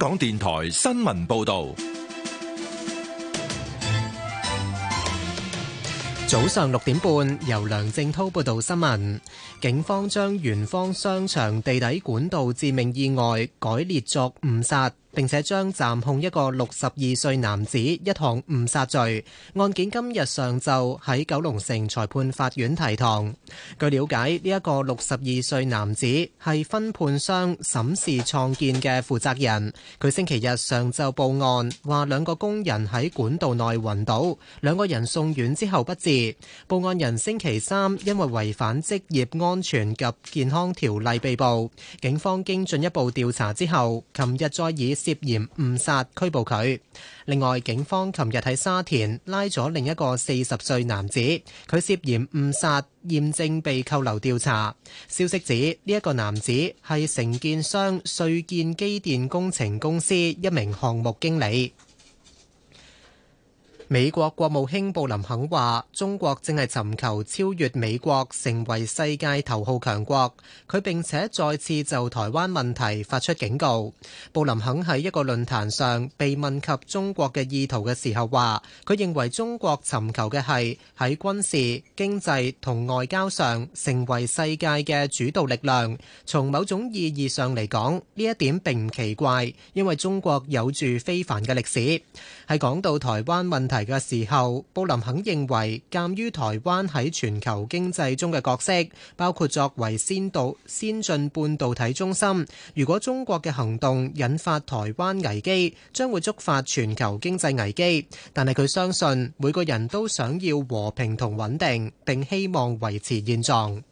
港電台新聞報道：早上六點半，由梁正濤報道新聞。警方將圓方商場地底管道致命意外改列作誤殺。並且將暫控一個六十二歲男子一項誤殺罪。案件今日上晝喺九龍城裁判法院提堂。據了解，呢一個六十二歲男子係分判商沈氏創建嘅負責人。佢星期日上晝報案，話兩個工人喺管道內暈倒，兩個人送院之後不治。報案人星期三因為違反職業安全及健康條例被捕。警方經進一步調查之後，琴日再以涉嫌誤殺拘捕佢。另外，警方琴日喺沙田拉咗另一個四十歲男子，佢涉嫌誤殺，驗證被扣留調查。消息指，呢一個男子係承建商瑞建機電工程公司一名項目經理。美國國務卿布林肯話：中國正係尋求超越美國，成為世界頭號強國。佢並且再次就台灣問題發出警告。布林肯喺一個論壇上被問及中國嘅意圖嘅時候，話佢認為中國尋求嘅係喺軍事、經濟同外交上成為世界嘅主導力量。從某種意義上嚟講，呢一點並唔奇怪，因為中國有住非凡嘅歷史。係講到台灣問題嘅時候，布林肯認為，鑒於台灣喺全球經濟中嘅角色，包括作為先導先進半導體中心，如果中國嘅行動引發台灣危機將會觸發全球經濟危機，但係，佢相信每個人都想要和平同穩定，並希望維持現狀。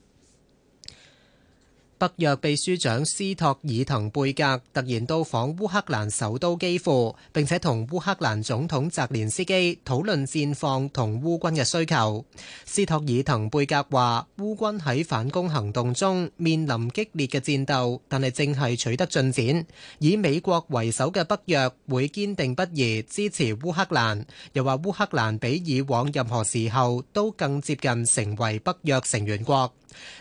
北約秘書長斯托爾滕貝格突然到訪烏克蘭首都基輔，並且同烏克蘭總統澤連斯基討論戰況同烏軍嘅需求。斯托爾滕貝格話：烏軍喺反攻行動中面臨激烈嘅戰鬥，但係正係取得進展。以美國為首嘅北約會堅定不移支持烏克蘭，又話烏克蘭比以往任何時候都更接近成為北約成員國。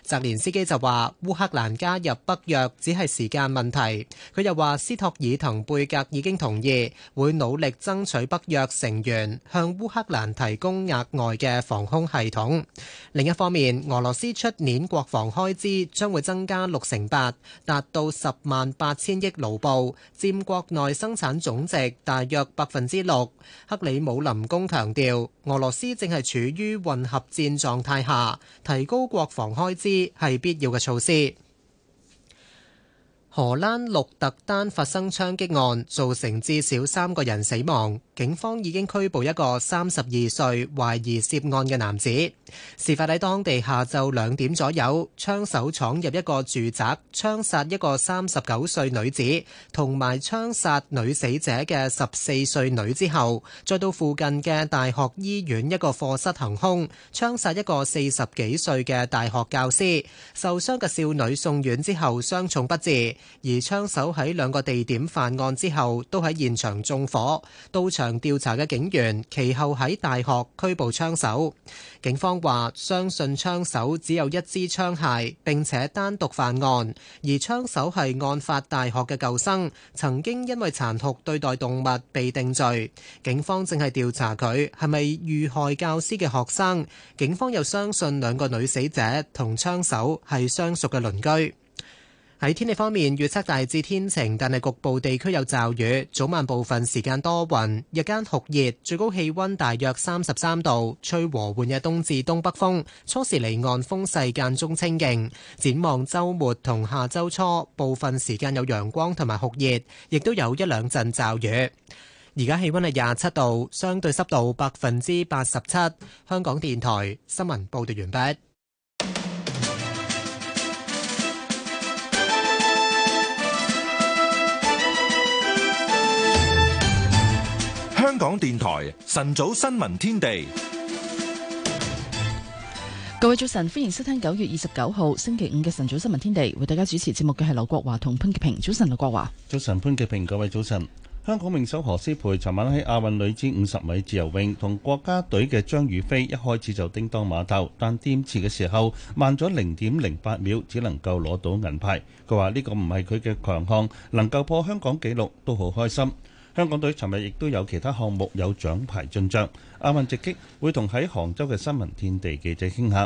澤連斯基就話烏克蘭加入北約只係時間問題。佢又話斯托爾滕貝格已經同意會努力爭取北約成員向烏克蘭提供額外嘅防空系統。另一方面，俄羅斯出年國防開支將會增加六成八，達到十萬八千億盧布，佔國內生產總值大約百分之六。克里姆林宮強調俄羅斯正係處於混合戰狀態下，提高國防開支係必要嘅措施。荷蘭鹿特丹發生槍擊案，造成至少三個人死亡。警方已經拘捕一個三十二歲懷疑涉案嘅男子。事發喺當地下晝兩點左右，槍手闖入一個住宅，槍殺一個三十九歲女子，同埋槍殺女死者嘅十四歲女之後，再到附近嘅大學醫院一個課室行兇，槍殺一個四十幾歲嘅大學教師。受傷嘅少女送院之後，傷重不治。而槍手喺兩個地點犯案之後，都喺現場縱火。到場調查嘅警員，其後喺大學拘捕槍手。警方話相信槍手只有一支槍械，並且單獨犯案。而槍手係案發大學嘅舊生，曾經因為殘酷對待動物被定罪。警方正係調查佢係咪遇害教師嘅學生。警方又相信兩個女死者同槍手係相熟嘅鄰居。喺天氣方面，預測大致天晴，但係局部地區有驟雨，早晚部分時間多雲，日間酷熱，最高氣溫大約三十三度，吹和緩嘅東至東北風，初時離岸風勢間中清勁。展望周末同下周初，部分時間有陽光同埋酷熱，亦都有一兩陣驟雨。而家氣溫係廿七度，相對濕度百分之八十七。香港電台新聞報道完畢。香港電台晨早新聞天地，各位早晨，歡迎收聽九月二十九號星期五嘅晨早新聞天地，為大家主持節目嘅係劉國華同潘潔平。早晨，劉國華，早晨，潘潔平。各位早晨。香港泳手何詩蓓，尋晚喺亞運女子五十米自由泳同國家隊嘅張雨霏一開始就叮噹馬頭，但掂池嘅時候慢咗零點零八秒，只能夠攞到銀牌。佢話呢個唔係佢嘅強項，能夠破香港紀錄都好開心。香港隊尋日亦都有其他項目有獎牌進賬。亞運直擊會同喺杭州嘅新聞天地記者傾下。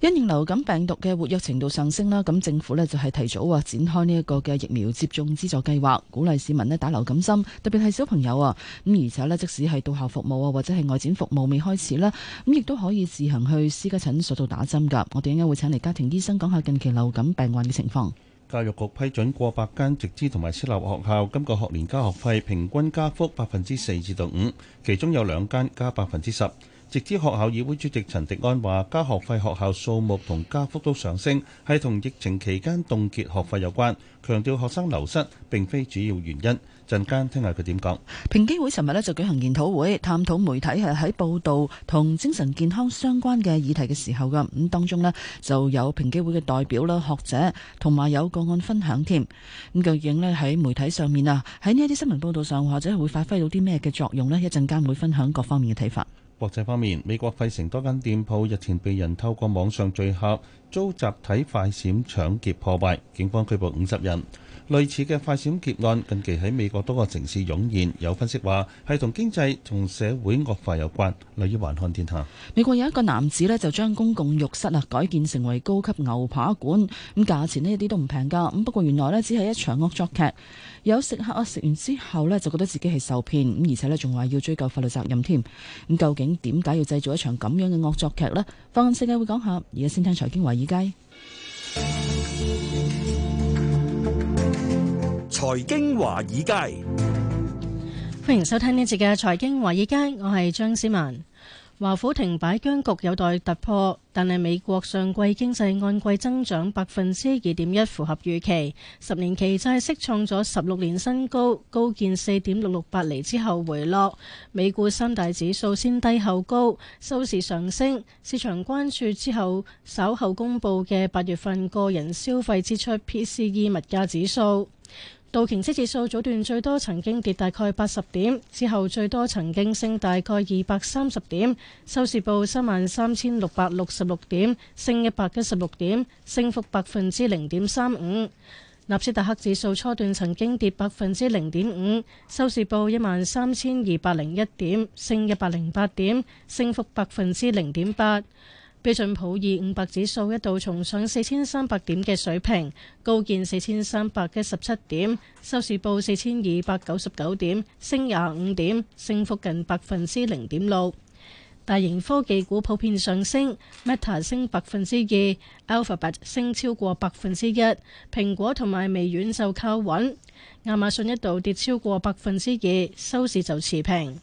因應流感病毒嘅活躍程度上升啦，咁政府咧就係提早啊展開呢一個嘅疫苗接種資助計劃，鼓勵市民咧打流感針，特別係小朋友啊。咁而且咧，即使係到校服務啊，或者係外展服務未開始啦，咁亦都可以自行去私家診所度打針噶。我哋一陣間會請嚟家庭醫生講下近期流感病患嘅情況。教育局批准過百間直資同埋私立學校今個學年加學費，平均加幅百分之四至到五，其中有兩間加百分之十。直資學校議會主席陳迪安話，加學費學校數目同加幅都上升，係同疫情期間凍結學費有關，強調學生流失並非主要原因。陣間聽下佢點講。平機會尋日咧就舉行研討會，探討媒體係喺報導同精神健康相關嘅議題嘅時候㗎。咁當中呢，就有平機會嘅代表啦、學者，同埋有，有個案分享添。咁究竟呢？喺媒體上面啊，喺呢一啲新聞報導上，或者會發揮到啲咩嘅作用呢？一陣間會分享各方面嘅睇法。國際方面，美國費城多間店鋪日前被人透過網上聚合，遭集體快閃搶劫破壞，警方拘捕五十人。類似嘅快閃劫案近期喺美國多個城市湧現，有分析話係同經濟同社會惡化有關。來依環看天下，美國有一個男子呢就將公共浴室啊改建成為高級牛扒館，咁價錢呢一啲都唔平㗎。咁不過原來呢只係一場惡作劇，有食客啊食完之後呢就覺得自己係受騙，咁而且呢仲話要追究法律責任添。咁究竟點解要製造一場咁樣嘅惡作劇呢？放眼世界會講下，而家先聽財經話。華財經華爾街，歡迎收聽呢節嘅財經華爾街，我係張思文。華府停擺僵局有待突破，但係美國上季經濟按季增長百分之二點一，符合預期。十年期債息創咗十六年新高，高見四點六六八厘之後回落。美股三大指數先低後高，收市上升。市場關注之後，稍後公佈嘅八月份個人消費支出 PCE 物價指數。道瓊斯指數早段最多曾經跌大概八十點，之後最多曾經升大概二百三十點，收市報三萬三千六百六十六點，升一百一十六點，升幅百分之零點三五。納斯達克指數初段曾經跌百分之零點五，收市報一萬三千二百零一點，升一百零八點，升幅百分之零點八。標準普爾五百指數一度重上四千三百點嘅水平，高見四千三百一十七點，收市報四千二百九十九點，升廿五點，升幅近百分之零點六。大型科技股普遍上升，Meta 升百分之二，Alphabet 升超過百分之一，蘋果同埋微軟就靠穩，亞馬遜一度跌超過百分之二，收市就持平。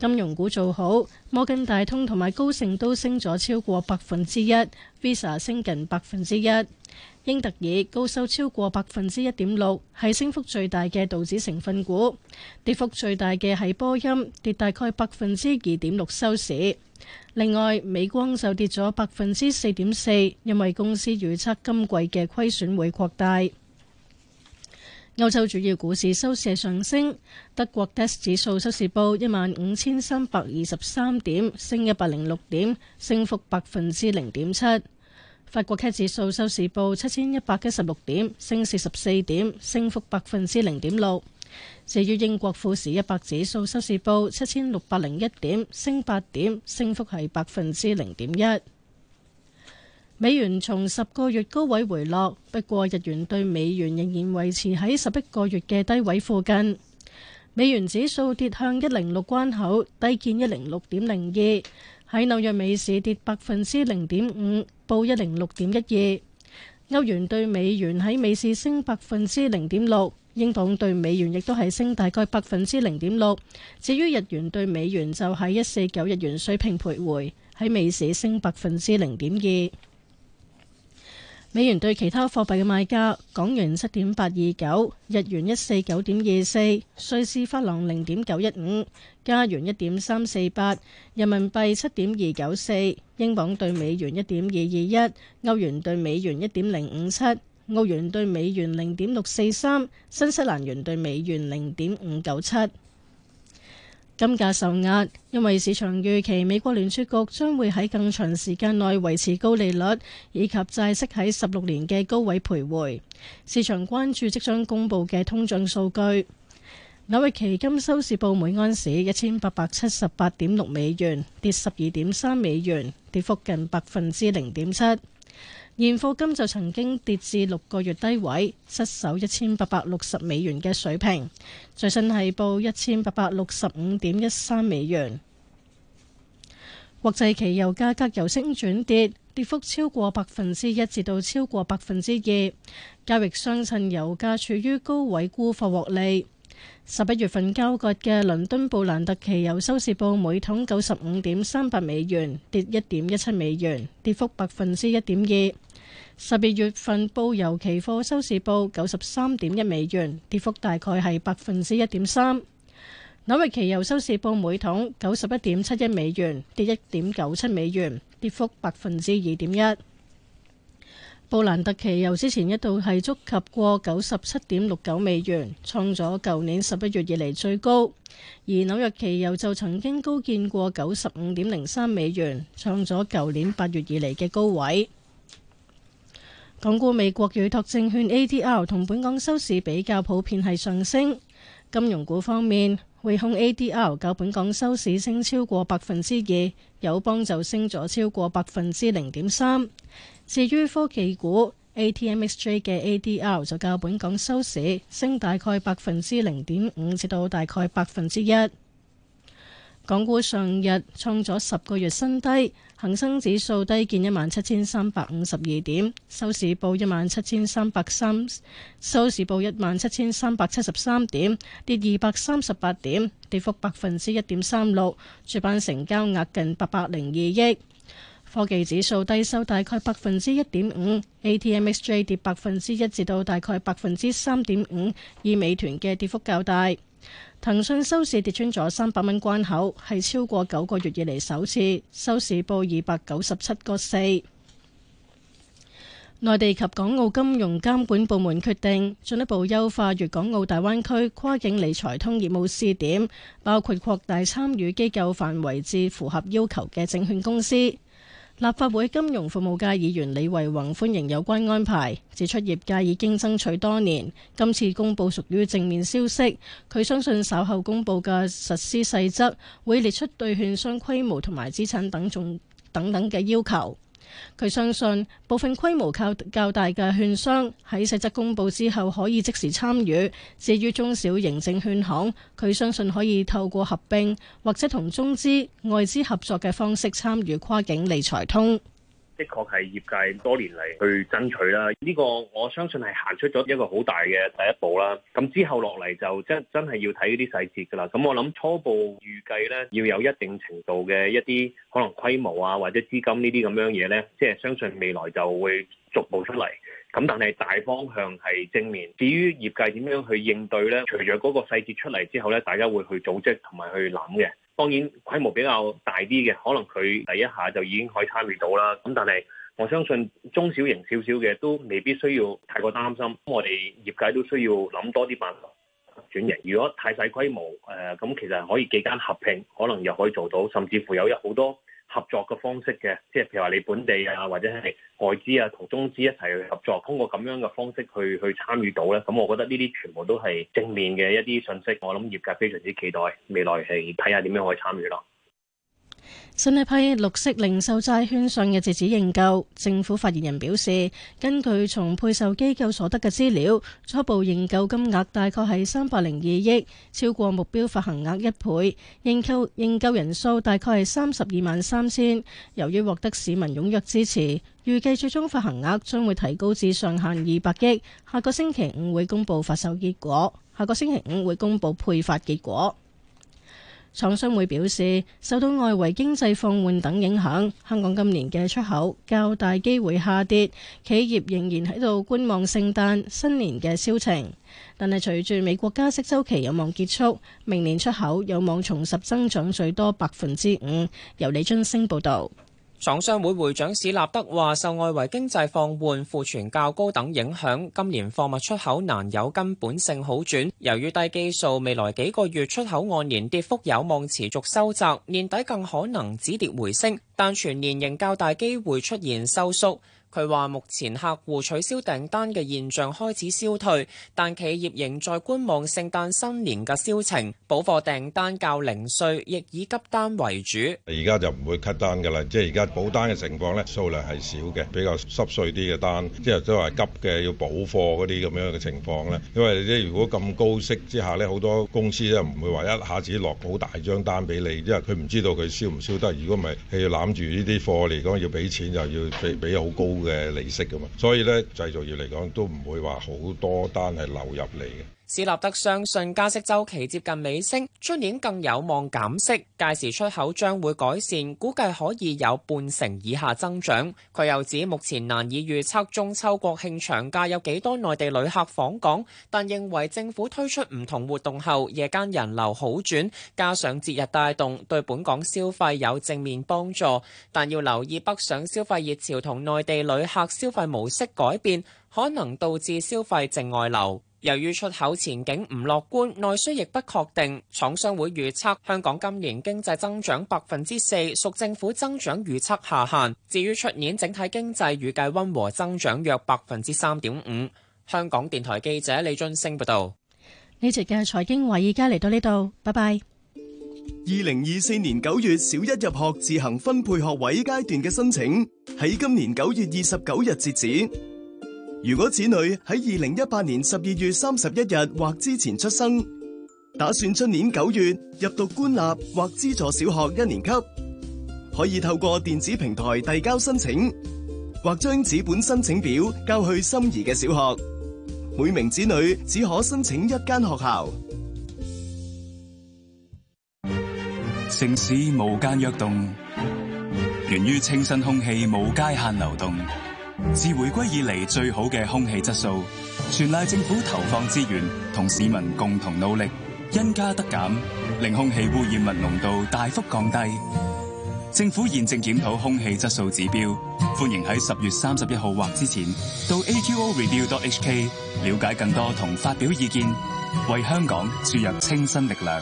金融股做好，摩根大通同埋高盛都升咗超過百分之一，Visa 升近百分之一，英特爾高收超過百分之一點六，係升幅最大嘅道指成分股。跌幅最大嘅係波音，跌大概百分之二點六收市。另外，美光就跌咗百分之四點四，因為公司預測今季嘅虧損會擴大。歐洲主要股市收市上升，德國 DAX 指數收市報一萬五千三百二十三點，升一百零六點，升幅百分之零點七。法國 CAC 指數收市報七千一百一十六點，升四十四點，升幅百分之零點六。至於英國富時一百指數收市報七千六百零一點，升八點，升幅係百分之零點一。美元從十個月高位回落，不過日元對美元仍然維持喺十一個月嘅低位附近。美元指數跌向一零六關口，低見一零六點零二。喺紐約美市跌百分之零點五，報一零六點一二。歐元對美元喺美市升百分之零點六，英鎊對美元亦都係升大概百分之零點六。至於日元對美元就喺一四九日元水平徘徊，喺美市升百分之零點二。美元對其他貨幣嘅賣價：港元七點八二九，日元一四九點二四，瑞士法郎零點九一五，加元一點三四八，人民幣七點二九四，英鎊對美元一點二二一，歐元對美元一點零五七，澳元對美元零點六四三，新西蘭元對美元零點五九七。金價受壓，因為市場預期美國聯儲局將會喺更長時間內維持高利率，以及債息喺十六年嘅高位徘徊。市場關注即將公布嘅通脹數據。紐約期金收市報每安士一千八百七十八點六美元，跌十二點三美元，跌幅近百分之零點七。現貨金就曾經跌至六個月低位，失守一千八百六十美元嘅水平。最新係報一千八百六十五點一三美元。國際期油價格由升轉跌，跌幅超過百分之一，至到超過百分之二。交易商趁油價處於高位，沽貨獲利。十一月份交割嘅倫敦布蘭特期油收市報每桶九十五點三八美元，跌一點一七美元，跌幅百分之一點二。十二月份布油期貨收市報九十三點一美元，跌幅大概係百分之一點三。紐約期油收市報每桶九十一點七一美元，跌一點九七美元，跌幅百分之二點一。布蘭特期油之前一度係觸及過九十七點六九美元，創咗舊年十一月以嚟最高。而紐約期油就曾經高見過九十五點零三美元，創咗舊年八月以嚟嘅高位。港股美國預託證券 ADR 同本港收市比較普遍係上升，金融股方面匯控 ADR 較本港收市升超過百分之二，友邦就升咗超過百分之零點三。至於科技股 ATMXJ 嘅 ADR 就較本港收市升大概百分之零點五至到大概百分之一。港股上日創咗十個月新低，恒生指數低見一萬七千三百五十二點，收市報一萬七千三百三，收市報一萬七千三百七十三點，跌二百三十八點，跌幅百分之一點三六。主板成交額近八百零二億。科技指數低收大概百分之一點五，ATMXJ 跌百分之一至到大概百分之三點五，以美團嘅跌幅較大。騰訊收市跌穿咗三百蚊關口，係超過九個月以嚟首次，收市報二百九十七個四。內地及港澳金融監管部門決定進一步優化粵港澳大灣區跨境理財通業務試點，包括擴大參與機構範圍至符合要求嘅證券公司。立法會金融服務界議員李惟宏歡迎有關安排，指出業界已經爭取多年，今次公布屬於正面消息。佢相信稍後公布嘅實施細則會列出對券商規模同埋資產等種等等嘅要求。佢相信部分規模較較大嘅券商，喺細則公布之後可以即時參與。至於中小型證券行，佢相信可以透過合併或者同中資外資合作嘅方式參與跨境理財通。的確係業界多年嚟去爭取啦，呢個我相信係行出咗一個好大嘅第一步啦。咁之後落嚟就真真係要睇呢啲細節噶啦。咁我諗初步預計咧，要有一定程度嘅一啲可能規模啊，或者資金呢啲咁樣嘢咧，即係相信未來就會逐步出嚟。咁但係大方向係正面。至於業界點樣去應對咧，除咗嗰個細節出嚟之後咧，大家會去組織同埋去諗嘅。當然規模比較大啲嘅，可能佢第一下就已經可以參與到啦。咁但係我相信中小型少少嘅都未必需要太過擔心。我哋業界都需要諗多啲辦法轉型。如果太細規模，誒、呃、咁其實可以幾間合併，可能又可以做到，甚至乎有一好多。合作嘅方式嘅，即係譬如話你本地啊，或者係外資啊，同中資一齊去合作，通過咁樣嘅方式去去參與到咧，咁我覺得呢啲全部都係正面嘅一啲信息，我諗業界非常之期待未來係睇下點樣可以參與咯。新一批綠色零售債券上嘅截止認購，政府發言人表示，根據從配售機構所得嘅資料，初步認購金額大概係三百零二億，超過目標發行額一倍。認購認購人數大概係三十二萬三千。由於獲得市民踴躍支持，預計最終發行額將會提高至上限二百億。下個星期五會公佈發售結果，下個星期五會公佈配發結果。廠商會表示，受到外圍經濟放緩等影響，香港今年嘅出口較大機會下跌，企業仍然喺度觀望聖誕、新年嘅銷情。但係隨住美國加息周期有望結束，明年出口有望重拾增長，最多百分之五。由李津星報道。廠商會會長史立德話，受外圍經濟放緩、庫存較高等影響，今年貨物出口難有根本性好轉。由於低基數，未來幾個月出口按年跌幅有望持續收窄，年底更可能止跌回升，但全年仍較大機會出現收縮。佢話：目前客戶取消訂單嘅現象開始消退，但企業仍在觀望聖誕新年嘅銷情，補貨訂單較零碎，亦以急單為主。而家就唔會 cut 單㗎喇，即係而家補單嘅情況咧，數量係少嘅，比較濕碎啲嘅單，即係都係急嘅要補貨嗰啲咁樣嘅情況咧。因為即如果咁高息之下咧，好多公司咧唔會話一下子落好大張單俾你，因為佢唔知道佢銷唔銷得。如果唔係，要攬住呢啲貨嚟講，要俾錢就要俾俾好高。嘅利息噶嘛，所以咧，製造業嚟講都唔會話好多單係流入嚟嘅。史立德相信加息周期接近尾聲，出年更有望減息。屆時出口將會改善，估計可以有半成以下增長，佢又指目前難以預測中秋國慶長假有幾多內地旅客訪港，但認為政府推出唔同活動後夜間人流好轉，加上節日帶動對本港消費有正面幫助。但要留意北上消費熱潮同內地旅客消費模式改變可能導致消費淨外流。由於出口前景唔樂觀，內需亦不確定，廠商會預測香港今年經濟增長百分之四，屬政府增長預測下限。至於出年整體經濟預計溫和增長約百分之三點五。香港電台記者李俊升報道。呢節嘅財經話，而家嚟到呢度，拜拜。二零二四年九月小一入學自行分配學位階段嘅申請，喺今年九月二十九日截止。如果子女喺二零一八年十二月三十一日或之前出生，打算出年九月入讀官立或資助小學一年級，可以透過電子平台遞交申請，或將紙本申請表交去心儀嘅小學。每名子女只可申請一間學校。城市無間躍動，源於清新空氣無界限流動。自回歸以嚟，最好嘅空氣質素，全賴政府投放資源同市民共同努力，因加得減，令空氣污染物濃度大幅降低。政府現正檢討空氣質素指標，歡迎喺十月三十一號或之前到 aqo review dot hk 了解更多同發表意見，為香港注入清新力量。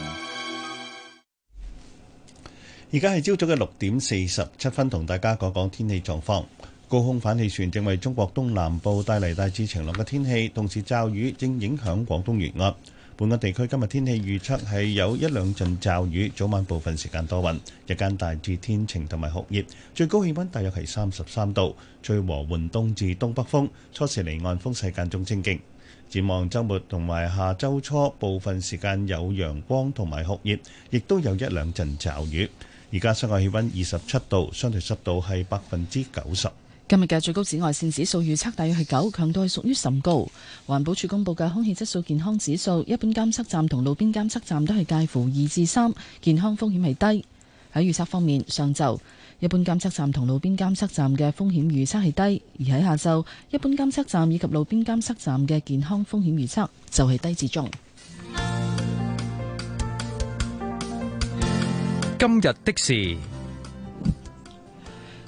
而家係朝早嘅六點四十七分，同大家講講天氣狀況。高空反氣旋正為中國東南部帶嚟大致晴朗嘅天氣，同時驟雨正影響廣東沿岸。本港地區今日天氣預測係有一兩陣驟雨，早晚部分時間多雲，日間大致天晴同埋酷熱，最高氣温大約係三十三度，吹和緩東至東北風，初時離岸風勢間中清勁。展望週末同埋下週初，部分時間有陽光同埋酷熱，亦都有一兩陣驟雨。而家室外氣温二十七度，相對濕度係百分之九十。今日嘅最高紫外線指數預測大約係九，強度係屬於甚高。環保署公布嘅空氣質素健康指數，一般監測站同路邊監測站都係介乎二至三，健康風險係低。喺預測方面，上晝一般監測站同路邊監測站嘅風險預測係低，而喺下晝一般監測站以及路邊監測站嘅健康風險預測就係低至中。今日的事。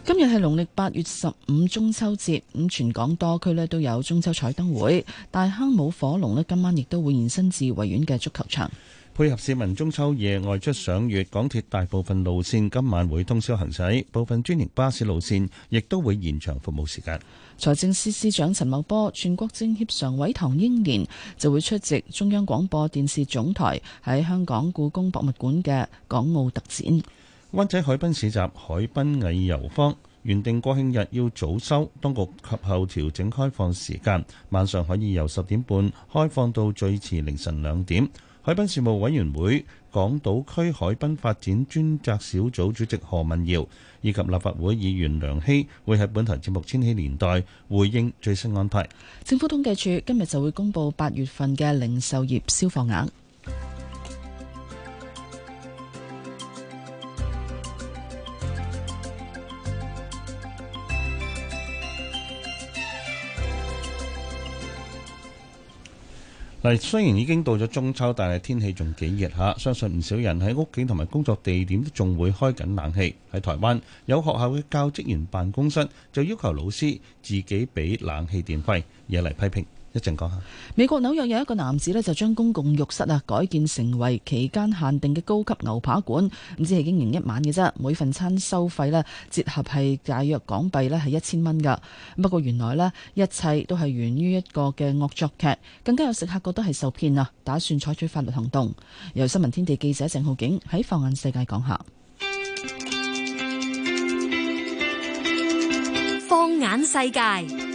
今日係農曆八月十五中秋節，咁全港多區咧都有中秋彩燈會，大坑舞火龍咧今晚亦都會延伸至維園嘅足球場。配合市民中秋夜外出賞月，港鐵大部分路線今晚會通宵行駛，部分專營巴士路線亦都會延長服務時間。財政司司長陳茂波、全國政協常委唐英年就會出席中央廣播電視總台喺香港故宮博物館嘅港澳特展。灣仔海濱市集海濱藝遊坊，原定國慶日要早收，當局及後調整開放時間，晚上可以由十點半開放到最遲凌晨兩點。海濱事務委員會、港島區海濱發展專責小組主席何文耀以及立法會議員梁希會喺本台節目《千禧年代》回應最新安排。政府統計處今日就會公布八月份嘅零售業銷貨額。嗱，雖然已經到咗中秋，但係天氣仲幾熱吓，相信唔少人喺屋企同埋工作地點都仲會開緊冷氣。喺台灣，有學校嘅教職員辦公室就要求老師自己俾冷氣電費，惹嚟批評。一陣講下。美國紐約有一個男子呢，就將公共浴室啊，改建成為期間限定嘅高級牛扒館，唔知係經營一晚嘅啫。每份餐收費呢，折合係大約港幣呢係一千蚊噶不過原來呢，一切都係源於一個嘅惡作劇，更加有食客覺得係受騙啊，打算採取法律行動。由新聞天地記者鄭浩景喺放眼世界講下。放眼世界。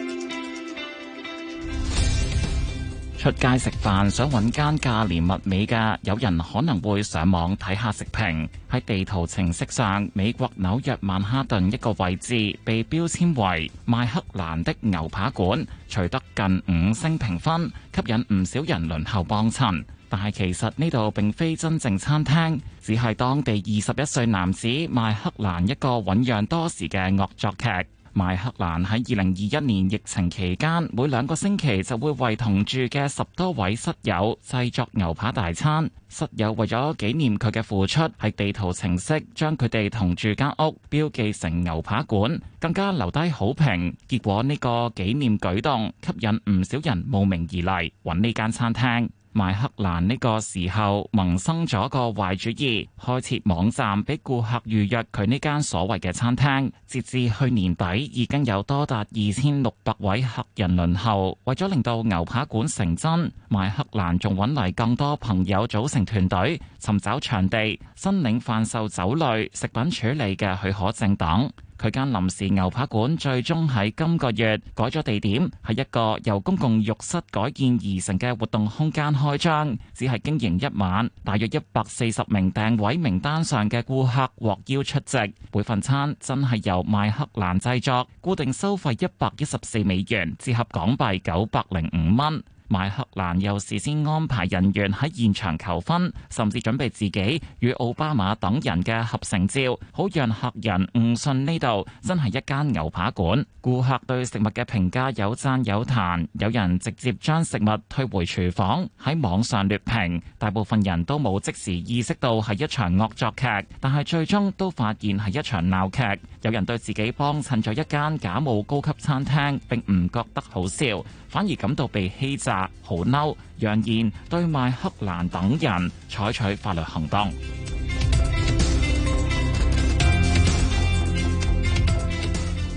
出街食飯想揾間價廉物美嘅，有人可能會上網睇下食評。喺地圖程式上，美國紐約曼哈頓一個位置被標籤為麥克蘭的牛扒館，取得近五星評分，吸引唔少人輪候幫襯。但係其實呢度並非真正餐廳，只係當地二十一歲男子麥克蘭一個醞釀多時嘅惡作劇。麥克蘭喺二零二一年疫情期間，每兩個星期就會為同住嘅十多位室友製作牛扒大餐。室友為咗紀念佢嘅付出，喺地圖程式將佢哋同住間屋標記成牛扒館，更加留低好評。結果呢個紀念舉動吸引唔少人慕名而嚟，揾呢間餐廳。邁克蘭呢個時候萌生咗個壞主意，開設網站俾顧客預約佢呢間所謂嘅餐廳。截至去年底，已經有多達二千六百位客人輪候。為咗令到牛扒館成真，邁克蘭仲揾嚟更多朋友組成團隊，尋找場地、申領販售酒類、食品處理嘅許可證等。佢間臨時牛扒館最終喺今個月改咗地點，係一個由公共浴室改建而成嘅活動空間開張，只係經營一晚。大約一百四十名訂位名單上嘅顧客獲邀出席，每份餐真係由邁克蘭製作，固定收費一百一十四美元，折合港幣九百零五蚊。麥客蘭又事先安排人員喺現場求婚，甚至準備自己與奧巴馬等人嘅合成照，好讓客人誤信呢度真係一間牛扒館。顧客對食物嘅評價有讚有彈，有人直接將食物退回廚房，喺網上劣評。大部分人都冇即時意識到係一場惡作劇，但係最終都發現係一場鬧劇。有人對自己幫襯咗一間假冒高級餐廳，並唔覺得好笑。反而感到被欺詐，好嬲，揚言對麥克蘭等人採取法律行動。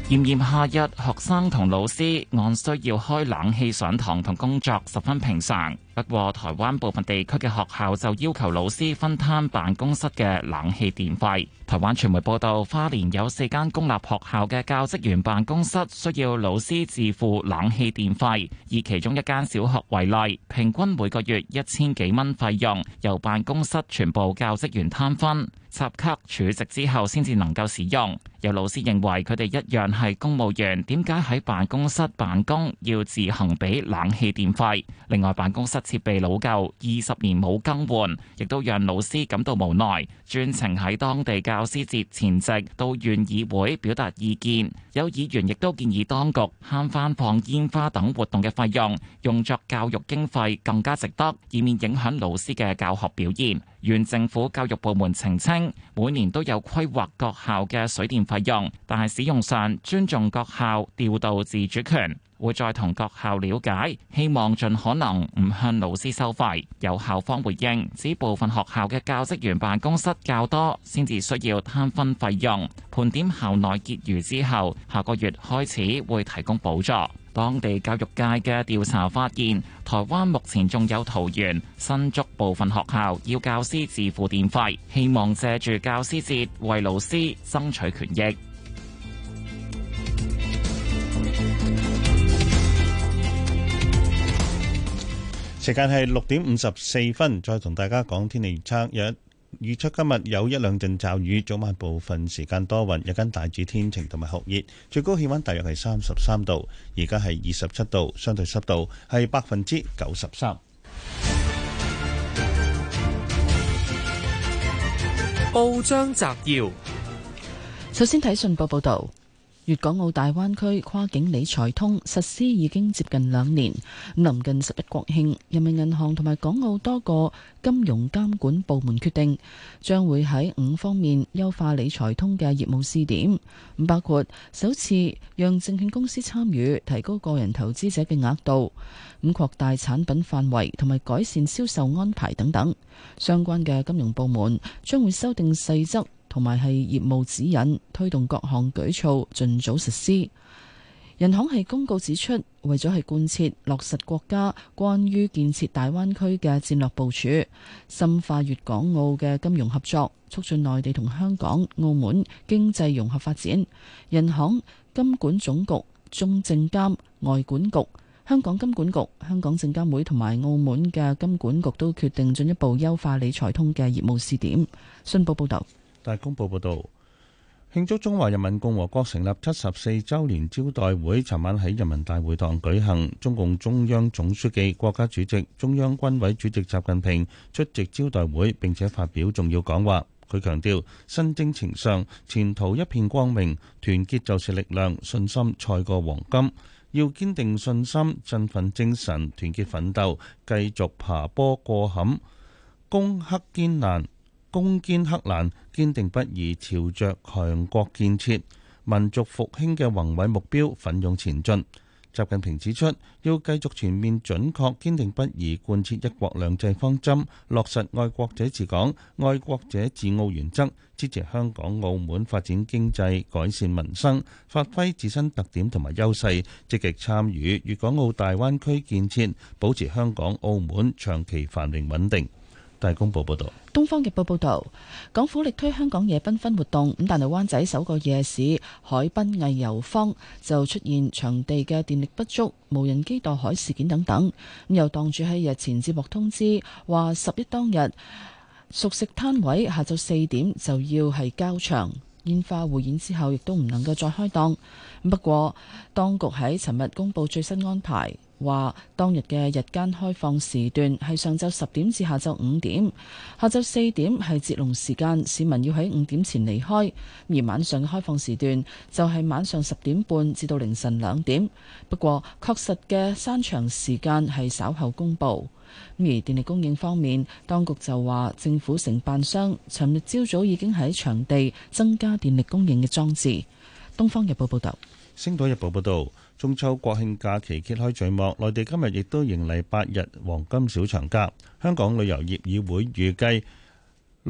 炎炎夏日，學生同老師按需要開冷氣上堂同工作十分平常。不過，台灣部分地區嘅學校就要求老師分攤辦公室嘅冷氣電費。台灣傳媒報道，花蓮有四間公立學校嘅教職員辦公室需要老師自付冷氣電費，以其中一間小學為例，平均每個月一千幾蚊費用，由辦公室全部教職員攤分。插卡儲值之後，先至能夠使用。有老師認為佢哋一樣係公務員，點解喺辦公室辦公要自行俾冷氣電費？另外，辦公室設備老舊，二十年冇更換，亦都讓老師感到無奈。專程喺當地教師節前夕到院議會表達意見，有議員亦都建議當局慳翻放煙花等活動嘅費用，用作教育經費更加值得，以免影響老師嘅教學表現。縣政府教育部門澄清，每年都有規劃各校嘅水電費用，但係使用上尊重各校調度自主權。會再同各校了解，希望盡可能唔向老師收費。有校方回應指部分學校嘅教職員辦公室較多，先至需要攤分費用。盤點校內結餘之後，下個月開始會提供補助。當地教育界嘅調查發現，台灣目前仲有桃園、新竹部分學校要教師自付電費，希望借住教師節為老師爭取權益。時間係六點五十四分，再同大家講天氣預測。有預測今日有一兩陣驟雨，早晚部分時間多雲，日間大致天晴同埋酷熱，最高氣溫大約係三十三度，而家係二十七度，相對濕度係百分之九十三。報章摘要，首先睇信報報道。粵港澳大灣區跨境理財通實施已經接近兩年，臨近十一國慶，人民銀行同埋港澳多個金融監管部門決定，將會喺五方面優化理財通嘅業務試點，包括首次讓證券公司參與，提高個人投資者嘅額度，咁擴大產品範圍同埋改善銷售安排等等。相關嘅金融部門將會修訂細則。同埋係業務指引，推動各項舉措盡早實施。人行係公告指出，為咗係貫徹落實國家關於建設大灣區嘅戰略部署，深化粵港澳嘅金融合作，促進內地同香港、澳門經濟融合發展，人行、金管總局、中證監、外管局、香港金管局、香港證監會同埋澳門嘅金管局都決定進一步優化理財通嘅業務試點。信報報道。大公報報導，慶祝中華人民共和國成立七十四週年招待會，尋晚喺人民大會堂舉行。中共中央總書記、國家主席、中央軍委主席習近平出席招待會並且發表重要講話。佢強調，新征程上前途一片光明，團結就是力量，信心賽過黃金，要堅定信心、振奮精神、團結奮鬥，繼續爬坡過坎、攻克艱難。攻堅克難，堅定不移，朝着強國建設、民族復興嘅宏偉目標奮勇前進。習近平指出，要繼續全面準確、堅定不移貫徹一國兩制方針，落實愛國者治港、愛國者治澳原則，支持香港、澳門發展經濟，改善民生，發揮自身特點同埋優勢，積極參與粵港澳大灣區建設，保持香港、澳門長期繁榮穩定。大公報報道，東方日報報道，港府力推香港夜繽紛活動，咁但係灣仔首個夜市海濱藝遊坊就出現場地嘅電力不足、無人機墮海事件等等，咁又檔主喺日前接獲通知，話十一當日熟食攤位下晝四點就要係交場。煙花匯演之後，亦都唔能夠再開檔。不過，當局喺尋日公布最新安排，話當日嘅日間開放時段係上晝十點至下晝五點，下晝四點係截龍時間，市民要喺五點前離開。而晚上嘅開放時段就係晚上十點半至到凌晨兩點。不過，確實嘅山場時間係稍後公布。而電力供應方面，當局就話政府承辦商尋日朝早已經喺場地增加電力供應嘅裝置。東方日報報道，星島日報報道，中秋國慶假期揭開序幕，內地今日亦都迎嚟，八日黃金小長假。香港旅遊業議會預計，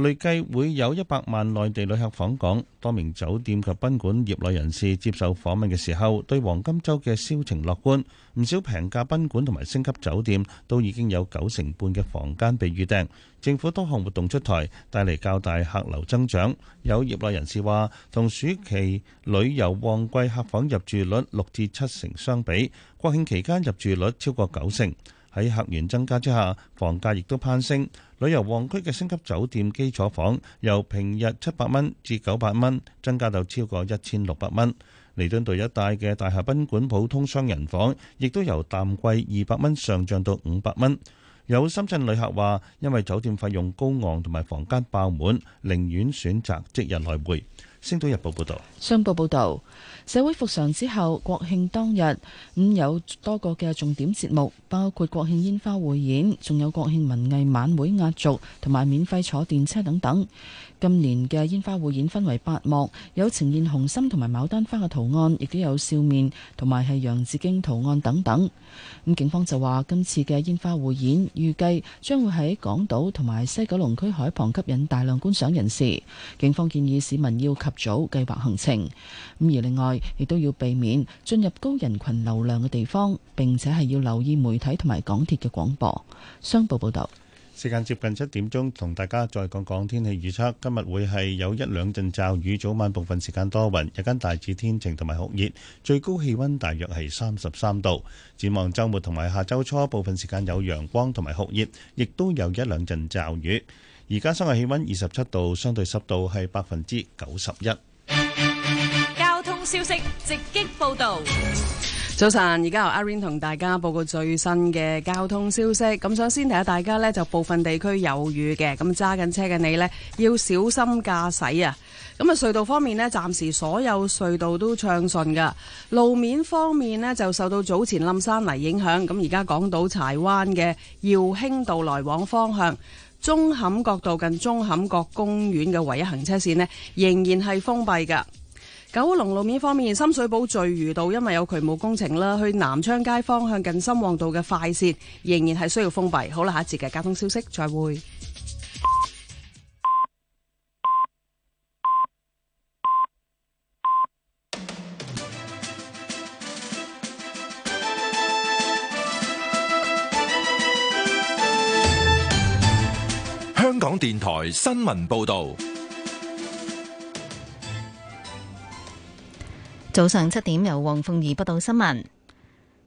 累計會有一百萬內地旅客訪港，多名酒店及賓館業內人士接受訪問嘅時候，對黃金週嘅銷情樂觀。唔少平價賓館同埋星級酒店都已經有九成半嘅房間被預訂。政府多項活動出台，帶嚟較大客流增長。有業內人士話，同暑期旅遊旺季客房入住率六至七成相比，國慶期間入住率超過九成。喺客源增加之下，房價亦都攀升。旅遊旺區嘅星級酒店基礎房由平日七百蚊至九百蚊，增加到超過一千六百蚊。彌敦道一帶嘅大廈賓館普通雙人房，亦都由淡季二百蚊上漲到五百蚊。有深圳旅客話，因為酒店費用高昂同埋房間爆滿，寧願選擇即日來回。《星島日報》報道，商報報道，社會復常之後，國慶當日咁有多個嘅重點節目，包括國慶煙花匯演，仲有國慶文藝晚會壓軸，同埋免費坐電車等等。今年嘅煙花匯演分為八幕，有呈現紅心同埋牡丹花嘅圖案，亦都有笑面同埋係洋紫荊圖案等等。咁警方就話，今次嘅煙花匯演預計將會喺港島同埋西九龍區海旁吸引大量觀賞人士。警方建議市民要及。組計劃行程，咁而另外亦都要避免進入高人群流量嘅地方，並且係要留意媒體同埋港鐵嘅廣播。商報報道，時間接近七點鐘，同大家再講講天氣預測。今日會係有一兩陣驟雨，早晚部分時間多雲，日間大致天晴同埋酷熱，最高氣溫大約係三十三度。展望週末同埋下週初，部分時間有陽光同埋酷熱，亦都有一兩陣驟雨。而家室外氣溫二十七度，相對濕度係百分之九十一。交通消息直擊報道，早晨，而家由阿 Rain 同大家報告最新嘅交通消息。咁想先提下大家呢，就部分地區有雨嘅，咁揸緊車嘅你呢，要小心駕駛啊！咁啊，隧道方面呢，暫時所有隧道都暢順噶。路面方面呢，就受到早前冧山泥影響，咁而家港島柴灣嘅耀興道來往方向。中坎角道近中坎角公園嘅唯一行車線咧，仍然係封閉嘅。九龍路面方面，深水埗聚魚道，因為有渠務工程啦，去南昌街方向近深旺道嘅快線仍然係需要封閉。好啦，下一節嘅交通消息再會。香港電台新聞報道，早上七點由黃鳳儀報道新聞。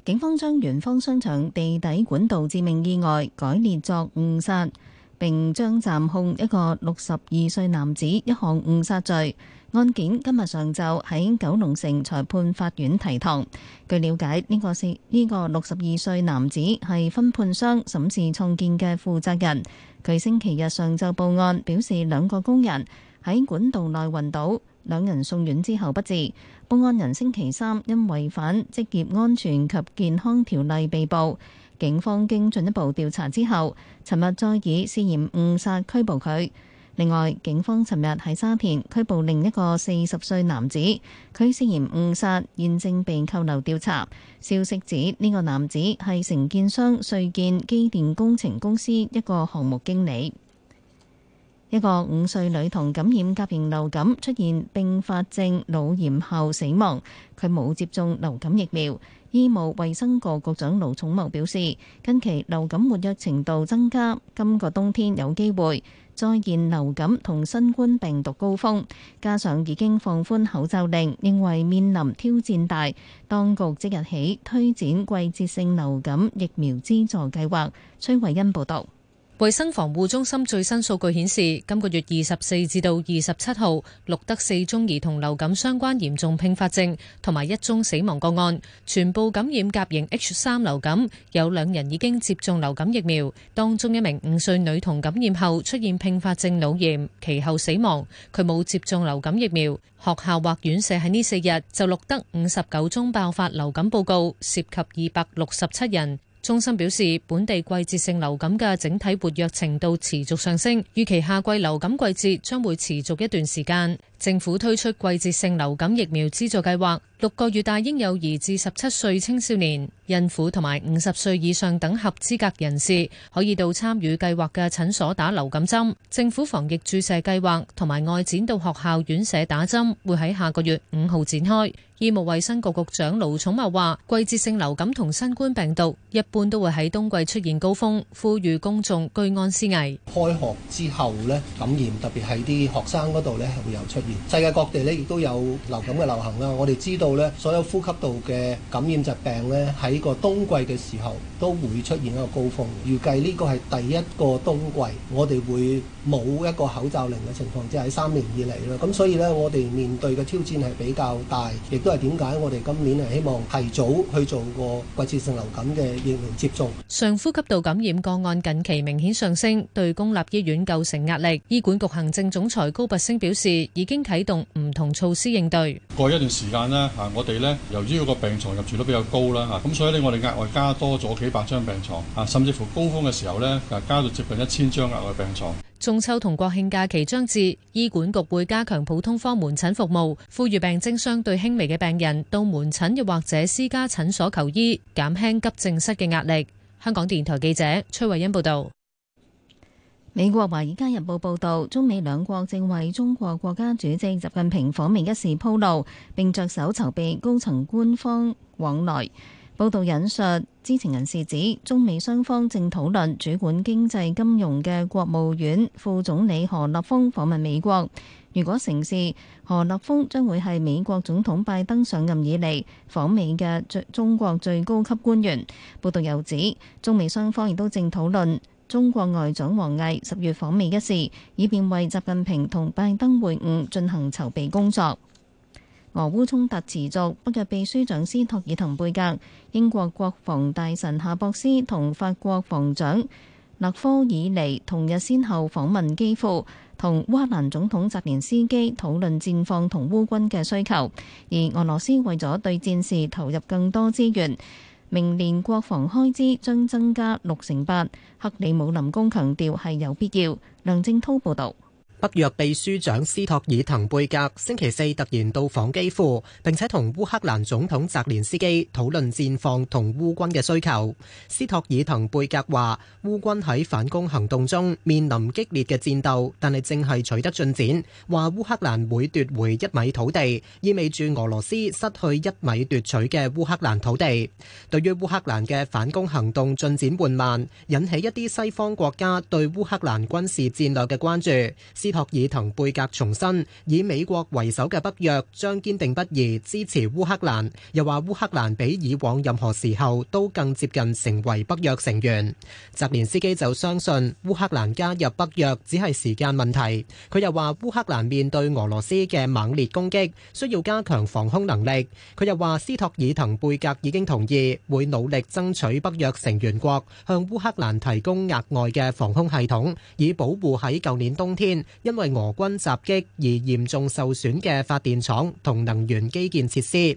警方將元芳商場地底管道致命意外改列作誤殺，並將暫控一個六十二歲男子一項誤殺罪，案件今日上晝喺九龍城裁判法院提堂。據了解，呢、這個是呢個六十二歲男子係分判商審視創建嘅負責人。佢星期日上晝報案，表示兩個工人喺管道內暈倒，兩人送院之後不治。報案人星期三因違反職業安全及健康條例被捕，警方經進一步調查之後，尋日再以涉嫌誤殺拘捕佢。另外，警方尋日喺沙田拘捕另一個四十歲男子，佢涉嫌誤殺，現正被扣留調查。消息指呢個男子係承建商瑞建機電工程公司一個項目經理。一個五歲女童感染甲型流感，出現並發症腦炎後死亡。佢冇接種流感疫苗。醫務衛生局局長盧寵茂表示，近期流感活躍程度增加，今個冬天有機會再現流感同新冠病毒高峰，加上已經放寬口罩令，認為面臨挑戰大，當局即日起推展季節性流感疫苗資助計劃。崔慧欣報道。衛生防護中心最新數據顯示，今個月二十四至到二十七號錄得四宗兒童流感相關嚴重併發症，同埋一宗死亡個案，全部感染甲型 H 三流感。有兩人已經接種流感疫苗，當中一名五歲女童感染後出現併發症腦炎，其後死亡，佢冇接種流感疫苗。學校或院舍喺呢四日就錄得五十九宗爆發流感報告，涉及二百六十七人。中心表示，本地季節性流感嘅整體活躍程度持續上升，預期夏季流感季節將會持續一段時間。政府推出季節性流感疫苗資助計劃，六個月大嬰幼兒至十七歲青少年、孕婦同埋五十歲以上等合資格人士，可以到參與計劃嘅診所打流感針。政府防疫注射計劃同埋外展到學校、院舍打針，會喺下個月五號展開。醫務衛生局局長盧寵茂話：季節性流感同新冠病毒一般都會喺冬季出現高峰，呼籲公眾居安思危。開學之後咧，感染特別係啲學生嗰度咧，係會有出現。世界各地咧亦都有流感嘅流行啦、啊。我哋知道咧，所有呼吸道嘅感染疾病咧喺個冬季嘅時候都會出現一個高峰。預計呢個係第一個冬季，我哋會。冇一個口罩令嘅情況，只係三年以嚟啦。咁所以呢，我哋面對嘅挑戰係比較大，亦都係點解我哋今年係希望提早去做個季節性流感嘅疫苗接種。上呼吸道感染個案近期明顯上升，對公立醫院構成壓力。醫管局行政總裁高拔升表示，已經啟動唔同措施應對。過一段時間呢，啊，我哋呢由於個病床入住率比較高啦，嚇咁所以呢，我哋額外加多咗幾百張病床，啊，甚至乎高峰嘅時候呢，啊加到接近一千張額外病床。中秋同國慶假期將至，醫管局會加強普通科門診服務，呼籲病徵相對輕微嘅病人到門診又或者私家診所求醫，減輕急症室嘅壓力。香港電台記者崔慧欣報道。美國華爾街日報報道，中美兩國正為中國國家主席習近平訪美一事鋪路，並着手籌備高層官方往來。報道引述知情人士指，中美雙方正討論主管經濟金融嘅國務院副總理何立峰訪問美國。如果成事，何立峰將會係美國總統拜登上任以嚟訪美嘅最中國最高級官員。報道又指，中美雙方亦都正討論中國外長王毅十月訪美一事，以便為習近平同拜登會晤進行籌備工作。俄烏衝突持續，北約秘書長斯托爾滕貝格、英國國防大臣夏博斯同法國防長勒科爾尼同日先後訪問基輔，同烏克蘭總統澤連斯基討論戰況同烏軍嘅需求。而俄羅斯為咗對戰事投入更多資源，明年國防開支將增加六成八。克里姆林宮強調係有必要。梁正滔報導。北約秘書長斯托爾滕貝格星期四突然到訪基輔，並且同烏克蘭總統澤連斯基討論戰況同烏軍嘅需求。斯托爾滕貝格話：烏軍喺反攻行動中面臨激烈嘅戰鬥，但係正係取得進展。話烏克蘭會奪回一米土地，意味住俄羅斯失去一米奪取嘅烏克蘭土地。對於烏克蘭嘅反攻行動進展緩慢，引起一啲西方國家對烏克蘭軍事戰略嘅關注。托爾滕貝格重申，以美國為首嘅北約將堅定不移支持烏克蘭。又話烏克蘭比以往任何時候都更接近成為北約成員。澤連斯基就相信烏克蘭加入北約只係時間問題。佢又話烏克蘭面對俄羅斯嘅猛烈攻擊，需要加強防空能力。佢又話斯托爾滕貝格已經同意會努力爭取北約成員國向烏克蘭提供額外嘅防空系統，以保護喺舊年冬天。因為俄軍襲擊而嚴重受損嘅發電廠同能源基建設施。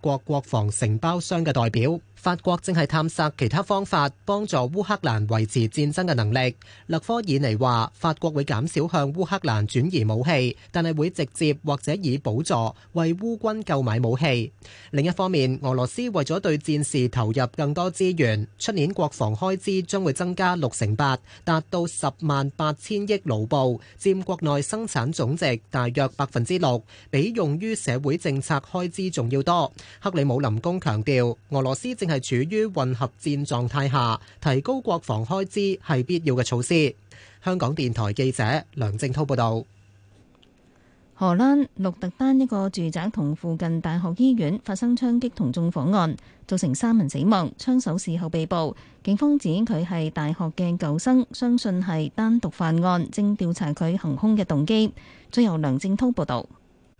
國國防承包商嘅代表。法國正係探索其他方法幫助烏克蘭維持戰爭嘅能力。勒科爾尼話：法國會減少向烏克蘭轉移武器，但係會直接或者以補助為烏軍購買武器。另一方面，俄羅斯為咗對戰事投入更多資源，出年國防開支將會增加六成八，達到十萬八千億盧布，佔國內生產總值大約百分之六，比用於社會政策開支仲要多。克里姆林宮強調，俄羅斯正係處於混合戰狀態下，提高國防開支係必要嘅措施。香港電台記者梁正濤報道，荷蘭鹿特丹一個住宅同附近大學醫院發生槍擊同縱火案，造成三人死亡，槍手事後被捕。警方指佢係大學嘅舊生，相信係單獨犯案，正調查佢行兇嘅動機。最後，梁正濤報道。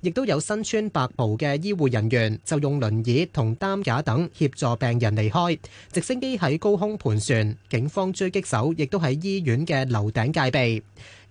亦都有身穿白袍嘅醫護人員，就用輪椅同擔架等協助病人離開。直升機喺高空盤旋，警方狙擊手亦都喺醫院嘅樓頂戒備。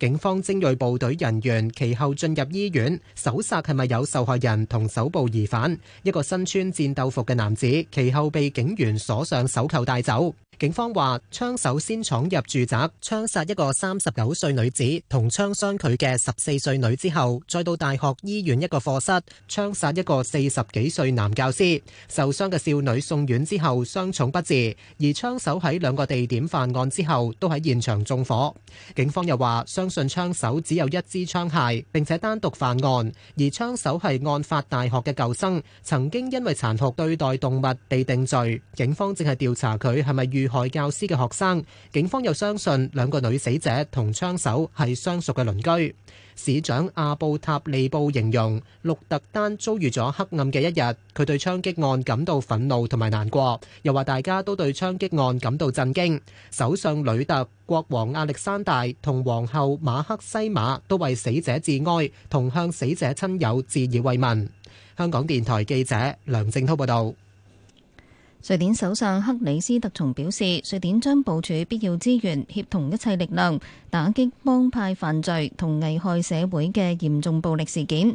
警方精銳部隊人員其後進入醫院搜殺，係咪有受害人同手部疑犯？一個身穿戰鬥服嘅男子其後被警員鎖上手銬帶走。警方話，槍手先闖入住宅，槍殺一個三十九歲女子同槍傷佢嘅十四歲女之後，再到大學醫院一個課室，槍殺一個四十幾歲男教師。受傷嘅少女送院之後傷重不治，而槍手喺兩個地點犯案之後都喺現場縱火。警方又話，傷。相信槍手只有一支槍械，並且單獨犯案，而槍手係案發大學嘅舊生，曾經因為殘酷對待動物被定罪。警方正係調查佢係咪遇害教師嘅學生。警方又相信兩個女死者同槍手係相熟嘅鄰居。市長阿布塔利布形容，鹿特丹遭遇咗黑暗嘅一日。佢對槍擊案感到憤怒同埋難過，又話大家都對槍擊案感到震驚。首相呂特、國王亞歷山大同皇后馬克西馬都為死者致哀，同向死者親友致以慰問。香港電台記者梁正滔報道。瑞典首相克里斯特松表示，瑞典將部署必要資源，協同一切力量，打擊幫派犯罪同危害社會嘅嚴重暴力事件。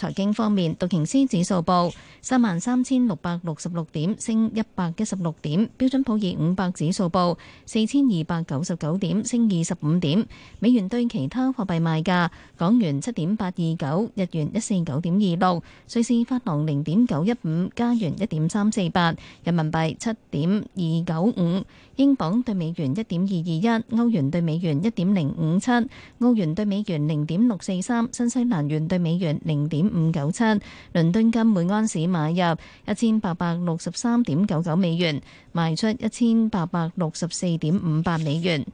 財經方面，道瓊斯指數報三萬三千六百六十六點，升一百一十六點；標準普爾五百指數報四千二百九十九點，升二十五點。美元對其他貨幣賣價，港元七點八二九，日元一四九點二六，瑞士法郎零點九一五，加元一點三四八，人民幣七點二九五。英鎊兌美元一點二二一，歐元兌美元一點零五七，澳元兌美元零點六四三，新西蘭元兌美元零點五九七。倫敦金每安士買入一千八百六十三點九九美元，賣出一千八百六十四點五八美元。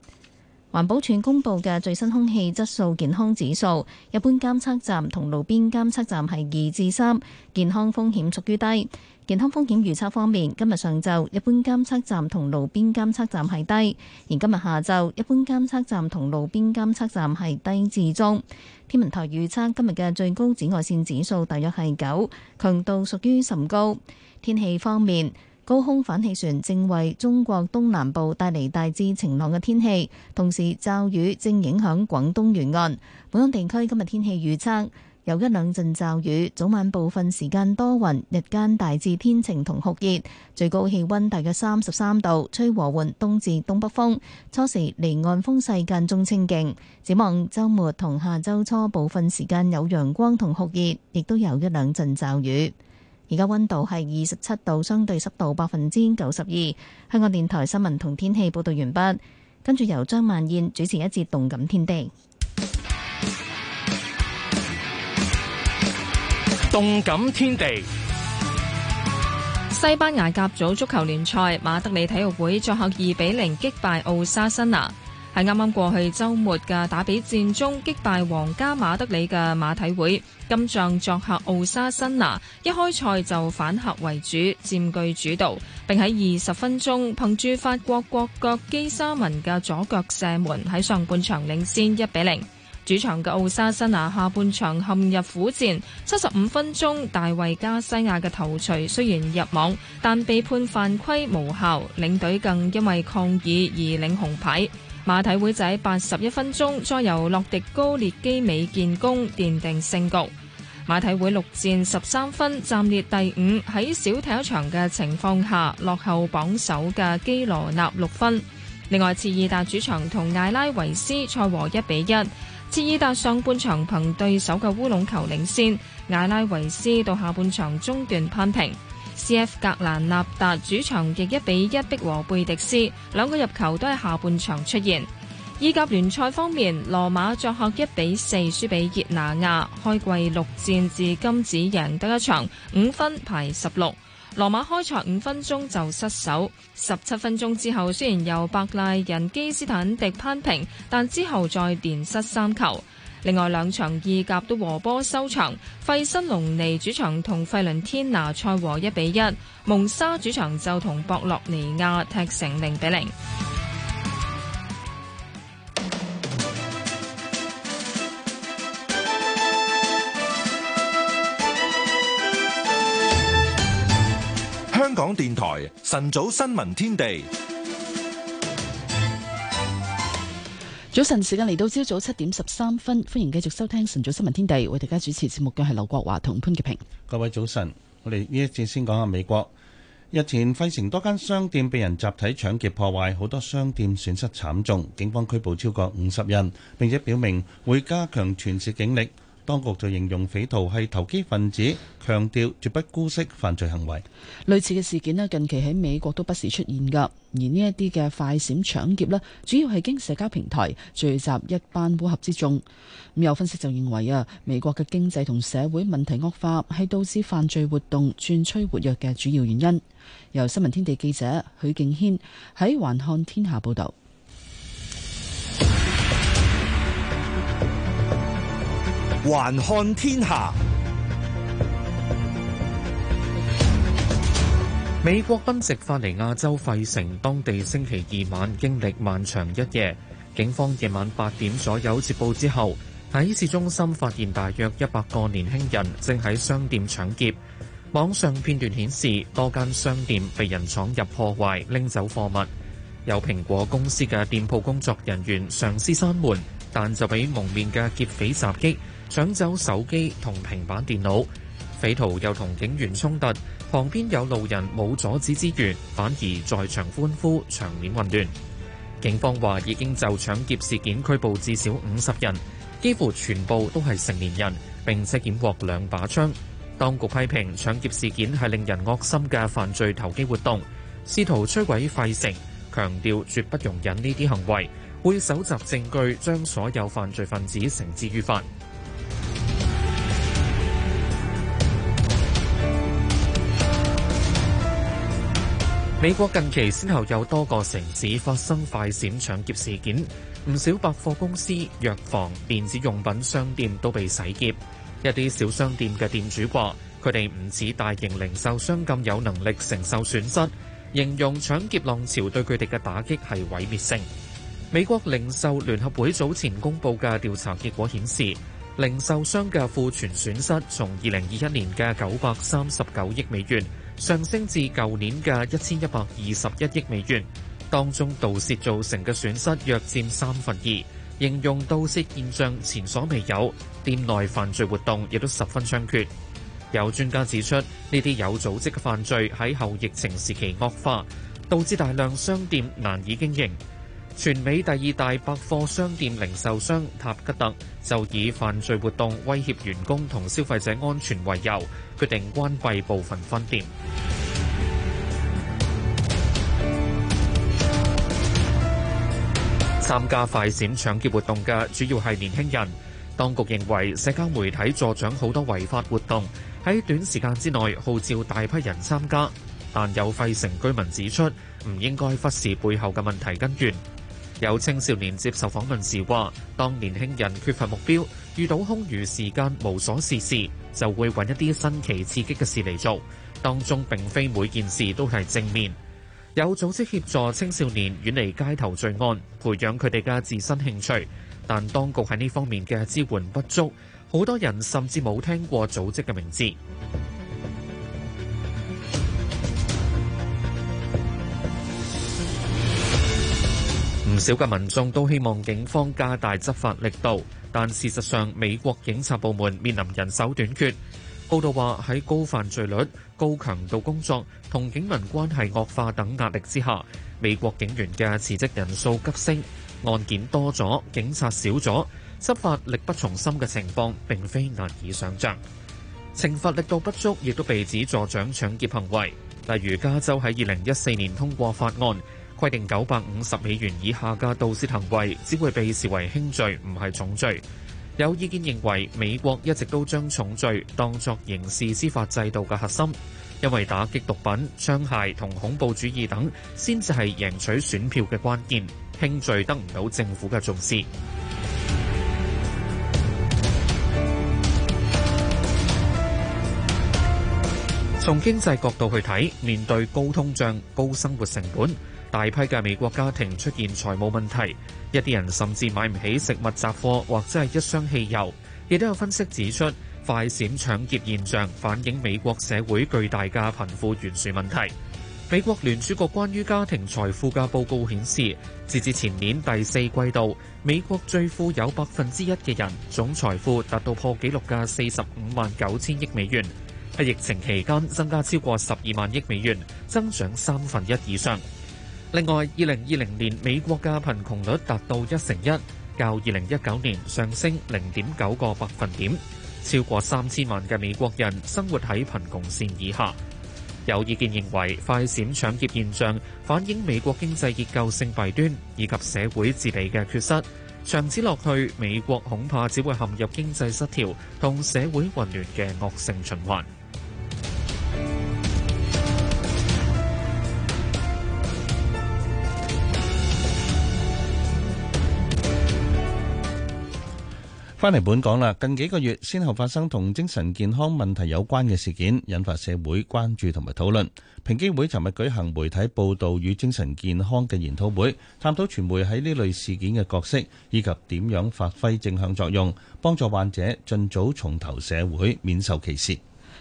環保署公布嘅最新空氣質素健康指數，一般監測站同路邊監測站係二至三，健康風險屬於低。健康風險預測方面，今日上晝一般監測站同路邊監測站係低，而今日下晝一般監測站同路邊監測站係低至中。天文台預測今日嘅最高紫外線指數大約係九，強度屬於甚高。天氣方面，高空反氣旋正為中國東南部帶嚟大致晴朗嘅天氣，同時驟雨正影響廣東沿岸本港地區。今日天氣預測。有一兩陣驟雨，早晚部分時間多雲，日間大致天晴同酷熱，最高氣溫大約三十三度，吹和緩東至東北風，初時離岸風勢間中清勁。展望週末同下周初，部分時間有陽光同酷熱，亦都有一兩陣驟雨。而家溫度係二十七度，相對濕度百分之九十二。香港電台新聞同天氣報導完畢，跟住由張曼燕主持一節動感天地。動感天地，西班牙甲組足球聯賽，馬德里體育會作客二比零擊敗奧沙辛拿，係啱啱過去周末嘅打比戰中擊敗皇家馬德里嘅馬體會，今仗作客奧沙辛拿，一開賽就反客為主，佔據主導，並喺二十分鐘憑住法國國腳基沙文嘅左腳射門，喺上半場領先一比零。主場嘅奧沙辛拿下半場陷入苦戰，七十五分鐘大衛加西亞嘅頭槌雖然入網，但被判犯規無效，領隊更因為抗議而領紅牌。馬體會仔八十一分鐘再由洛迪高列基美建功奠定勝局。馬體會六戰十三分，暫列第五。喺少踢一場嘅情況下落後榜首嘅基羅納六分。另外次，次爾達主場同艾拉維斯賽和一比一。切爾達上半場憑對手嘅烏龍球領先，艾拉維斯到下半場中段扳平。C.F. 格蘭納達主場亦一比一逼和貝迪斯，兩個入球都係下半場出現，意甲聯賽方面，羅馬作客一比四輸俾熱拿亞，開季六戰至今只贏得一場，五分排十六。羅馬開賽五分鐘就失守，十七分鐘之後雖然由白賴仁基斯坦迪扳平，但之後再連失三球。另外兩場意甲都和波收場，費辛隆尼主場同費倫天拿賽和一比一，蒙沙主場就同博洛尼亞踢成零比零。香港電台晨早新聞天地，早晨時間嚟到朝早七點十三分，歡迎繼續收聽晨早新聞天地，為大家主持節目嘅係劉國華同潘潔平。各位早晨，我哋呢一節先講下美國，日前費城多間商店被人集體搶劫破壞，好多商店損失慘重，警方拘捕超過五十人，並且表明會加強全市警力。當局就形容匪徒係投機分子，強調絕不姑息犯罪行為。類似嘅事件咧，近期喺美國都不時出現㗎。而呢一啲嘅快閃搶劫咧，主要係經社交平台聚集一班烏合之眾。咁有分析就認為啊，美國嘅經濟同社會問題惡化係導致犯罪活動轉趨活躍嘅主要原因。由新聞天地記者許敬軒喺環看天下報道。環看天下，美國賓夕法尼亞州費城當地星期二晚經歷漫長一夜，警方夜晚八點左右接報之後，喺市中心發現大約一百個年輕人正喺商店搶劫。網上片段顯示，多間商店被人闖入破壞、拎走貨物，有蘋果公司嘅店鋪工作人員嘗試閂門，但就俾蒙面嘅劫匪襲擊。搶走手機同平板電腦，匪徒又同警員衝突，旁邊有路人冇阻止之餘，反而在場歡呼，場面混亂。警方話已經就搶劫事件拘捕至少五十人，幾乎全部都係成年人，並且檢獲兩把槍。當局批評搶劫事件係令人噁心嘅犯罪投機活動，試圖摧毀費城，強調絕不容忍呢啲行為，會搜集證據將所有犯罪分子繩之於法。美國近期先後有多個城市發生快閃搶劫事件，唔少百貨公司、藥房、電子用品商店都被洗劫。一啲小商店嘅店主話，佢哋唔似大型零售商咁有能力承受損失，形容搶劫浪潮對佢哋嘅打擊係毀滅性。美國零售聯合會早前公布嘅調查結果顯示，零售商嘅庫存損失從二零二一年嘅九百三十九億美元。上升至舊年嘅一千一百二十一億美元，當中盜竊造成嘅損失約佔三分二，形容盜竊現象前所未有，店內犯罪活動亦都十分猖獗。有專家指出，呢啲有組織嘅犯罪喺後疫情時期惡化，導致大量商店難以經營。全美第二大百貨商店零售商塔吉特就以犯罪活動威脅員工同消費者安全為由，決定關閉部分分店。參加快閃搶劫活動嘅主要係年輕人，當局認為社交媒體助長好多違法活動，喺短時間之內號召大批人參加。但有費城居民指出，唔應該忽視背後嘅問題根源。有青少年接受訪問時話，當年輕人缺乏目標，遇到空餘時間無所事事，就會揾一啲新奇刺激嘅事嚟做。當中並非每件事都係正面。有組織協助青少年遠離街頭罪案，培養佢哋嘅自身興趣，但當局喺呢方面嘅支援不足，好多人甚至冇聽過組織嘅名字。唔少嘅民眾都希望警方加大執法力度，但事實上美國警察部門面臨人手短缺。報道話喺高犯罪率、高強度工作同警民關係惡化等壓力之下，美國警員嘅辭職人數急升，案件多咗，警察少咗，執法力不從心嘅情況並非難以想像。懲罰力度不足亦都被指助長搶劫行為，例如加州喺二零一四年通過法案。規定九百五十美元以下嘅盜竊行為只會被視為輕罪，唔係重罪。有意見認為，美國一直都將重罪當作刑事司法制度嘅核心，因為打擊毒品、槍械同恐怖主義等，先至係贏取選票嘅關鍵。輕罪得唔到政府嘅重視。從經濟角度去睇，面對高通脹、高生活成本，大批嘅美國家庭出現財務問題，一啲人甚至買唔起食物雜貨或者係一箱汽油。亦都有分析指出，快閃搶劫現象反映美國社會巨大嘅貧富懸殊問題，美國聯儲局關於家庭財富嘅報告顯示，截至前年第四季度，美國最富有百分之一嘅人總財富達到破紀錄嘅四十五萬九千億美元，喺疫情期間增加超過十二萬億美元，增長三分一以上。另外，二零二零年美國嘅貧窮率達到一成一，較二零一九年上升零點九個百分點。超過三千萬嘅美國人生活喺貧窮綫以下。有意見認為，快閃搶劫現象反映美國經濟結構性弊端以及社會治理嘅缺失。長此落去，美國恐怕只會陷入經濟失調同社會混亂嘅惡性循環。翻嚟本港啦，近幾個月先後發生同精神健康問題有關嘅事件，引發社會關注同埋討論。平機會尋日舉行媒體報道與精神健康嘅研討會，探討傳媒喺呢類事件嘅角色，以及點樣發揮正向作用，幫助患者盡早重投社會，免受歧視。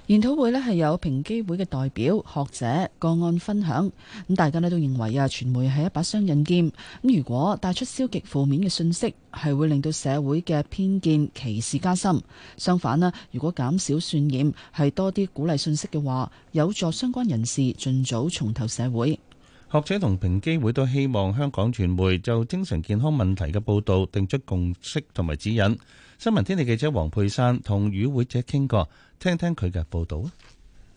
研討會咧係有平機會嘅代表、學者、個案分享，咁大家咧都認為啊，傳媒係一把雙刃劍，咁如果帶出消極負面嘅信息，係會令到社會嘅偏見、歧視加深。相反啦，如果減少渲染，係多啲鼓勵信息嘅話，有助相關人士盡早重投社會。學者同平機會都希望香港傳媒就精神健康問題嘅報導定出共識同埋指引。新聞天地記者黃佩珊同與會者傾過，聽聽佢嘅報道。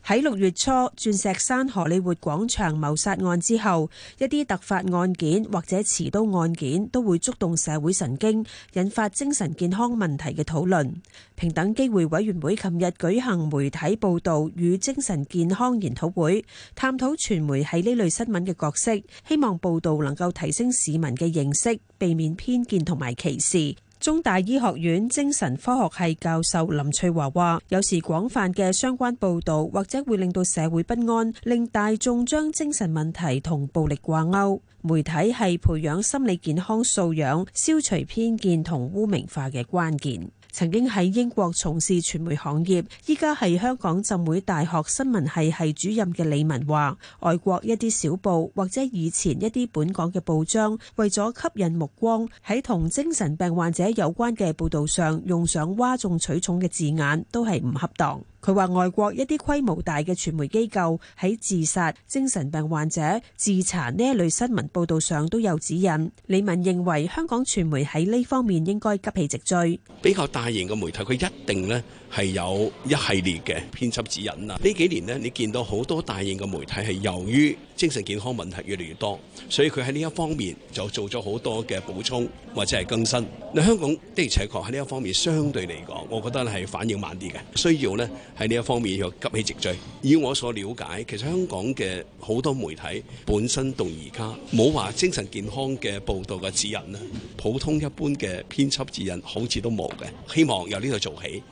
喺六月初鑽石山荷里活廣場謀殺案之後，一啲突發案件或者持刀案件都會觸動社會神經，引發精神健康問題嘅討論。平等機會委員會琴日舉行媒體報道與精神健康研討會，探討傳媒喺呢類新聞嘅角色，希望報道能夠提升市民嘅認識，避免偏見同埋歧視。中大醫學院精神科學系教授林翠華話，有時廣泛嘅相關報道或者會令到社會不安，令大眾將精神問題同暴力掛鈎。媒體係培養心理健康素養、消除偏見同污名化嘅關鍵。曾經喺英國從事傳媒行業，依家係香港浸會大學新聞系系主任嘅李文話，外國一啲小報或者以前一啲本港嘅報章，為咗吸引目光，喺同精神病患者有關嘅報導上用上嘩眾取寵嘅字眼，都係唔恰當。佢話：外國一啲規模大嘅傳媒機構喺自殺、精神病患者自殘呢一類新聞報導上都有指引。李文認為香港傳媒喺呢方面應該急起直追。比較大型嘅媒體，佢一定呢。係有一系列嘅編輯指引啦。呢幾年咧，你見到好多大型嘅媒體係由於精神健康問題越嚟越多，所以佢喺呢一方面就做咗好多嘅補充或者係更新。嗱，香港的而且確喺呢一方面相對嚟講，我覺得係反應慢啲嘅，需要咧喺呢一方面要急起直追。以我所了解，其實香港嘅好多媒體本身到而家冇話精神健康嘅報導嘅指引啦，普通一般嘅編輯指引好似都冇嘅。希望由呢度做起，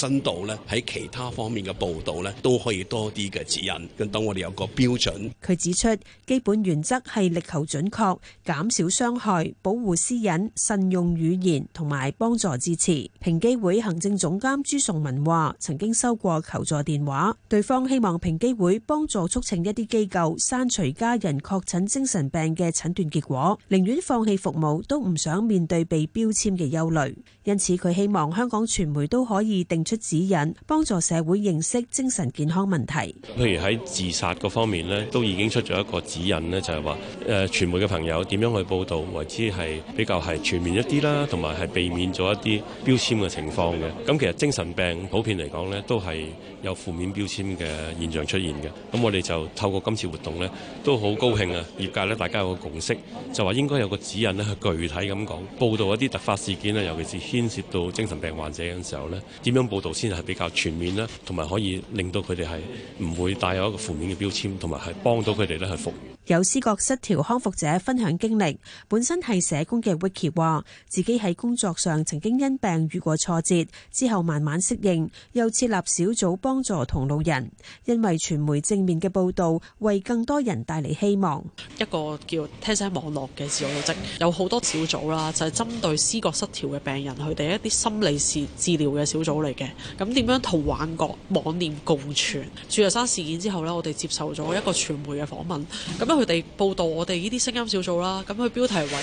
深度呢喺其他方面嘅報道呢都可以多啲嘅指引，咁等我哋有個標準。佢指出基本原則係力求準確，減少傷害、保護私隱，慎用語言同埋幫助支持。平機會行政總監朱崇文話曾經收過求助電話，對方希望平機會幫助促請一啲機構刪除家人確診精神病嘅診斷結果，寧願放棄服務都唔想面對被標籤嘅憂慮，因此佢希望香港傳媒都可以定出指引，幫助社會認識精神健康問題。譬如喺自殺嗰方面呢，都已經出咗一個指引呢就係話誒，傳媒嘅朋友點樣去報道，為之係比較係全面一啲啦，同埋係避免咗一啲標籤嘅情況嘅。咁其實精神病普遍嚟講呢，都係有負面標籤嘅現象出現嘅。咁我哋就透過今次活動呢，都好高興啊！業界呢，大家有個共識，就話應該有個指引呢，去具體咁講報道一啲突發事件咧，尤其是牽涉到精神病患者嘅時候呢，點樣報？度先係比較全面啦，同埋可以令到佢哋係唔會帶有一個負面嘅標籤，同埋係幫到佢哋咧去復原。有思覺失調康復者分享經歷，本身係社工嘅 Vicky 話自己喺工作上曾經因病遇過挫折，之後慢慢適應，又設立小組幫助同路人。因為傳媒正面嘅報道，為更多人帶嚟希望。一個叫聽聲網絡嘅自我組織，有好多小組啦，就係針對思覺失調嘅病人，佢哋一啲心理治療嘅小組嚟嘅。咁點、嗯、樣同幻覺、妄念共存？注射生事件之後呢，我哋接受咗一個傳媒嘅訪問。咁咧，佢哋報道我哋呢啲聲音小組啦。咁佢標題為《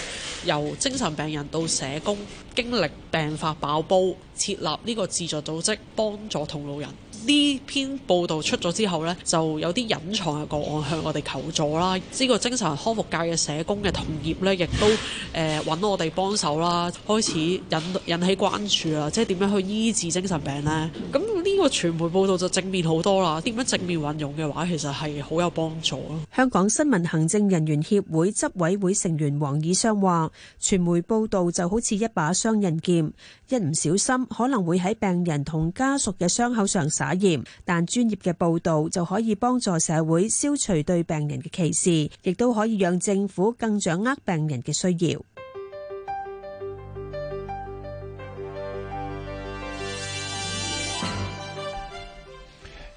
由精神病人到社工，經歷病發爆煲，設立呢個自助組織，幫助同路人》。呢篇報道出咗之後咧，就有啲隱藏嘅個案向我哋求助啦。呢個精神康復界嘅社工嘅同業咧，亦都誒揾我哋幫手啦，開始引引起關注啊，即係點樣去醫治精神病咧？個傳媒報道就正面好多啦，點樣正面運用嘅話，其實係好有幫助咯。香港新聞行政人員協會執委會成員黃以商話，傳媒報道就好似一把雙刃劍，一唔小心可能會喺病人同家屬嘅傷口上灑鹽，但專業嘅報道就可以幫助社會消除對病人嘅歧視，亦都可以讓政府更掌握病人嘅需要。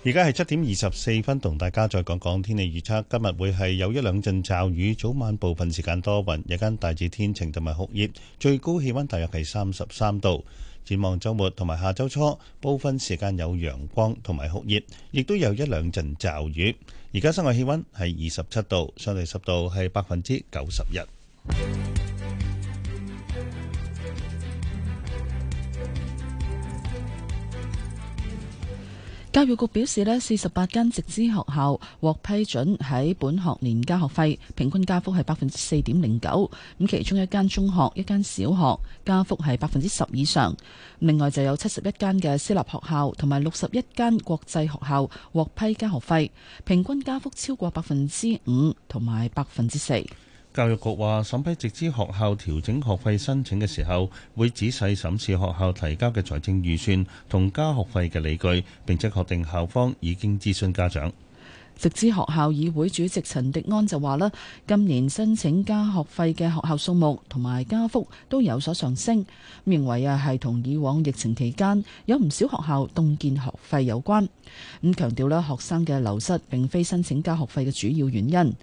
而家係七點二十四分，同大家再講講天氣預測。今日會係有一兩陣驟雨，早晚部分時間多雲，日間大致天晴同埋酷熱，最高氣溫大約係三十三度。展望周末同埋下周初，部分時間有陽光同埋酷熱，亦都有一兩陣驟雨。而家室外氣溫係二十七度，相對濕度係百分之九十一。教育局表示呢，四十八間直資學校獲批准喺本學年加學費，平均加幅係百分之四點零九。咁其中一間中學、一間小學加幅係百分之十以上。另外就有七十一間嘅私立學校同埋六十一間國際學校獲批加學費，平均加幅超過百分之五同埋百分之四。教育局話，審批直資學校調整學費申請嘅時候，會仔細審視學校提交嘅財政預算同加學費嘅理據，並且確定校方已經諮詢家長。直資學校議會主席陳迪安就話啦，今年申請加學費嘅學校數目同埋加幅都有所上升，認為啊係同以往疫情期間有唔少學校凍結學費有關。咁強調啦，學生嘅流失並非申請加學費嘅主要原因。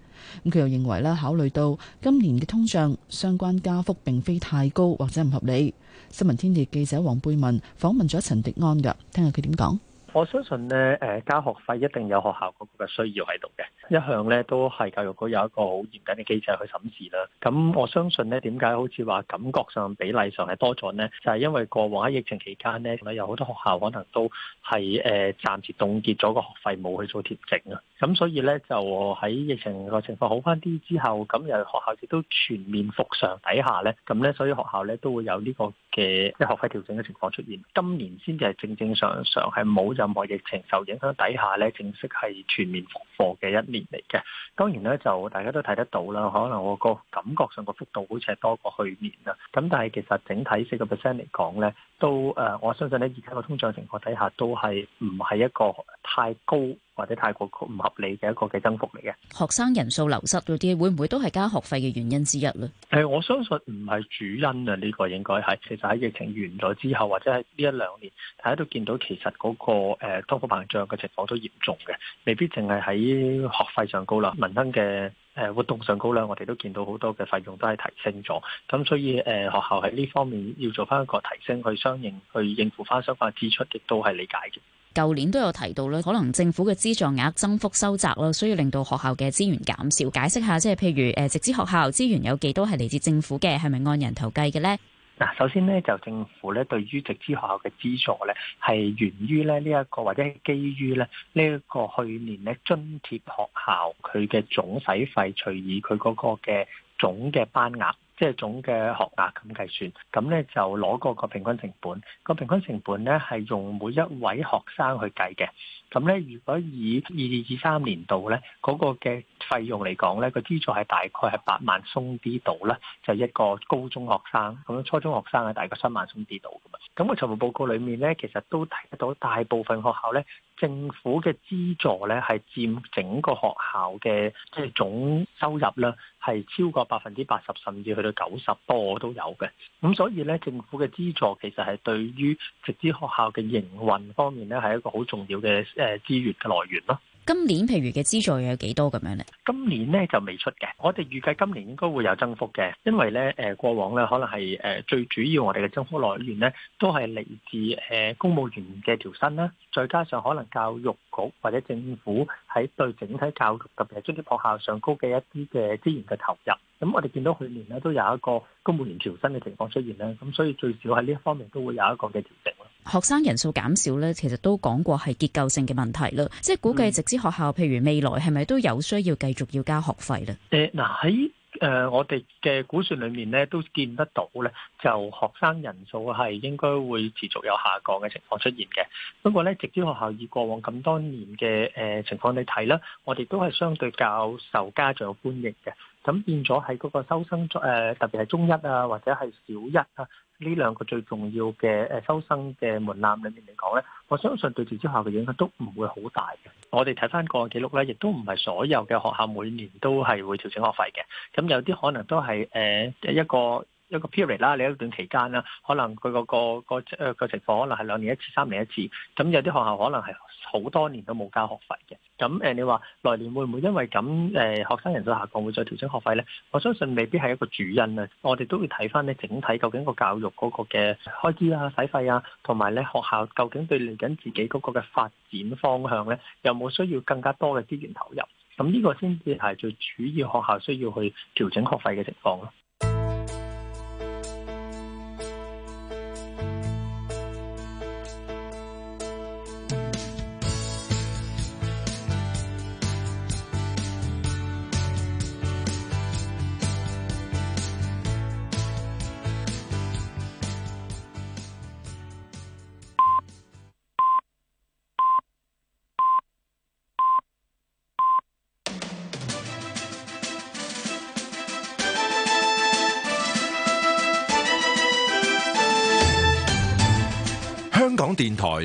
咁佢又認為咧，考慮到今年嘅通脹相關加幅並非太高或者唔合理。新聞天地記者黃貝文訪問咗陳迪安嘅，聽下佢點講。我相信呢，誒加學費一定有學校嗰個嘅需要喺度嘅，一向呢，都係教育局有一個好嚴謹嘅機制去審視啦。咁我相信呢，點解好似話感覺上比例上係多咗呢？就係因為過往喺疫情期間呢，有好多學校可能都係誒暫時凍結咗個學費，冇去做調整啊。咁所以呢，就喺疫情個情況好翻啲之後，咁又學校亦都全面復常底下呢。咁呢，所以學校呢都會有呢個嘅一學費調整嘅情況出現。今年先至係正正常常係冇就。外部疫情受影響底下咧，正式係全面復課嘅一年嚟嘅。當然咧，就大家都睇得到啦，可能我個感覺上個幅度好似係多過去年啦。咁但係其實整體四個 percent 嚟講咧，都誒、呃，我相信咧，而家個通脹情況底下都係唔係一個太高，或者太過唔合理嘅一個嘅增幅嚟嘅，學生人數流失嗰啲，會唔會都係加學費嘅原因之一咧？誒、欸，我相信唔係主因啊，呢、這個應該係其實喺疫情完咗之後，或者喺呢一兩年，大家都見到其實嗰、那個通貨膨脹嘅情況都嚴重嘅，未必淨係喺學費上高啦，民生嘅誒活動上高啦，我哋都見到好多嘅費用都係提升咗，咁所以誒、呃、學校喺呢方面要做翻一個提升，去相應去應付翻相關支出，亦都係理解嘅。舊年都有提到咧，可能政府嘅資助額增幅收窄咯，所以令到學校嘅資源減少。解釋下，即係譬如誒直資學校資源有幾多係嚟自政府嘅，係咪按人頭計嘅呢？嗱，首先呢，就政府咧對於直資學校嘅資助咧係源於咧呢一個或者基於咧呢一個去年咧津貼學校佢嘅總使費除以佢嗰個嘅總嘅班額。即係總嘅學額咁計算，咁呢就攞嗰個平均成本。個平均成本呢係用每一位學生去計嘅。咁呢，如果以二二二三年度呢嗰個嘅費用嚟講，呢個資助係大概係八萬鬆啲度啦，就一個高中學生咁，那個、初中學生係大概三萬鬆啲度噶嘛。咁、個財務報告裡面呢，其實都睇得到大部分學校呢。政府嘅資助咧，係佔整個學校嘅即係總收入啦，係超過百分之八十，甚至去到九十多都有嘅。咁所以咧，政府嘅資助其實係對於直資學校嘅營運方面咧，係一個好重要嘅誒資源嘅來源咯。今年譬如嘅資助有幾多咁樣呢？今年咧就未出嘅，我哋預計今年應該會有增幅嘅，因為咧誒、呃、過往咧可能係誒、呃、最主要我哋嘅增幅來源咧都係嚟自誒、呃、公務員嘅調薪啦，再加上可能教育局或者政府喺對整體教育，特別係津貼學校上高嘅一啲嘅資源嘅投入，咁我哋見到去年咧都有一個公務員調薪嘅情況出現啦。咁所以最少喺呢一方面都會有一個嘅調整咯。學生人數減少咧，其實都講過係結構性嘅問題啦。即係估計直資學校，嗯、譬如未來係咪都有需要繼續要交學費咧？誒、呃，嗱喺誒我哋嘅估算裏面咧，都見得到咧，就學生人數係應該會持續有下降嘅情況出現嘅。不過咧，直資學校以過往咁多年嘅誒、呃、情況嚟睇啦，我哋都係相對較受家長歡迎嘅。咁變咗喺嗰個收生誒、呃，特別係中一啊，或者係小一啊。呢兩個最重要嘅誒、啊、收生嘅門檻裏面嚟講咧，我相信對住直資學校嘅影響都唔會好大嘅。我哋睇翻個記錄咧，亦都唔係所有嘅學校每年都係會調整學費嘅。咁、嗯、有啲可能都係誒、嗯、一,一個。一個 period 啦，你一段期間啦，可能佢嗰個個誒個情況可能係兩年一次、三年一次，咁有啲學校可能係好多年都冇交學費嘅。咁誒，你話來年會唔會因為咁誒學生人數下降會再調整學費咧？我相信未必係一個主因啊！我哋都要睇翻咧整體究竟個教育嗰個嘅開支啊、使費啊，同埋咧學校究竟對嚟緊自己嗰個嘅發展方向咧，有冇需要更加多嘅資源投入？咁呢個先至係最主要學校需要去調整學費嘅情況咯。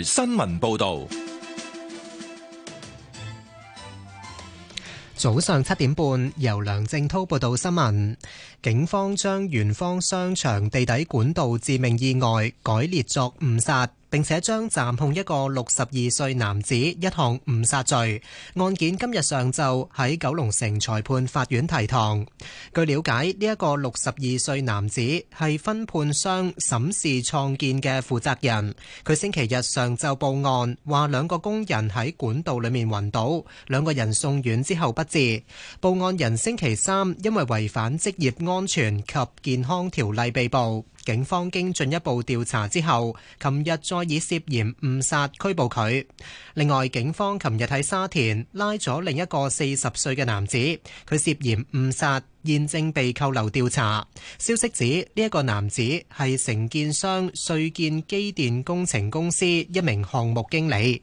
新聞報道。早上七點半，由梁正濤報道新聞。警方將元芳商場地底管道致命意外改列作誤殺。並且將暫控一個六十二歲男子一項誤殺罪。案件今日上晝喺九龍城裁判法院提堂。據了解，呢一個六十二歲男子係分判商審視創建嘅負責人。佢星期日上晝報案，話兩個工人喺管道裏面暈倒，兩個人送院之後不治。報案人星期三因為違反職業安全及健康條例被捕。警方經進一步調查之後，琴日再以涉嫌誤殺拘捕佢。另外，警方琴日喺沙田拉咗另一個四十歲嘅男子，佢涉嫌誤殺，現正被扣留調查。消息指呢一個男子係承建商瑞建機電工程公司一名項目經理。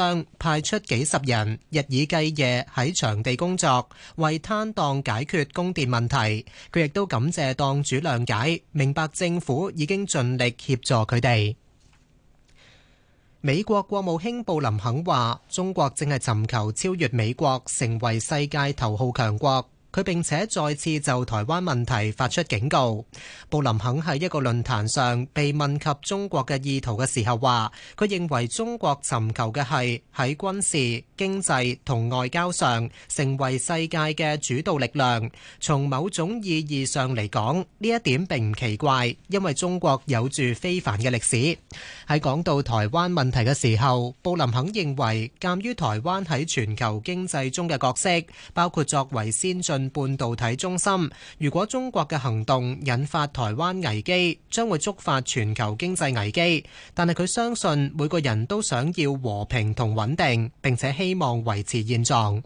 派出幾十人，日以繼夜喺場地工作，為攤檔解決供電問題。佢亦都感謝檔主諒解，明白政府已經盡力協助佢哋。美國國務卿布林肯話，中國正係尋求超越美國，成為世界頭號強國。佢並且再次就台灣問題發出警告。布林肯喺一個論壇上被問及中國嘅意圖嘅時候，話佢認為中國尋求嘅係喺軍事、經濟同外交上成為世界嘅主導力量。從某種意義上嚟講，呢一點並唔奇怪，因為中國有住非凡嘅歷史。喺講到台灣問題嘅時候，布林肯認為，鑑於台灣喺全球經濟中嘅角色，包括作為先進半導體中心，如果中國嘅行動引發台灣危機，將會觸發全球經濟危機。但係佢相信每個人都想要和平同穩定，並且希望維持現狀。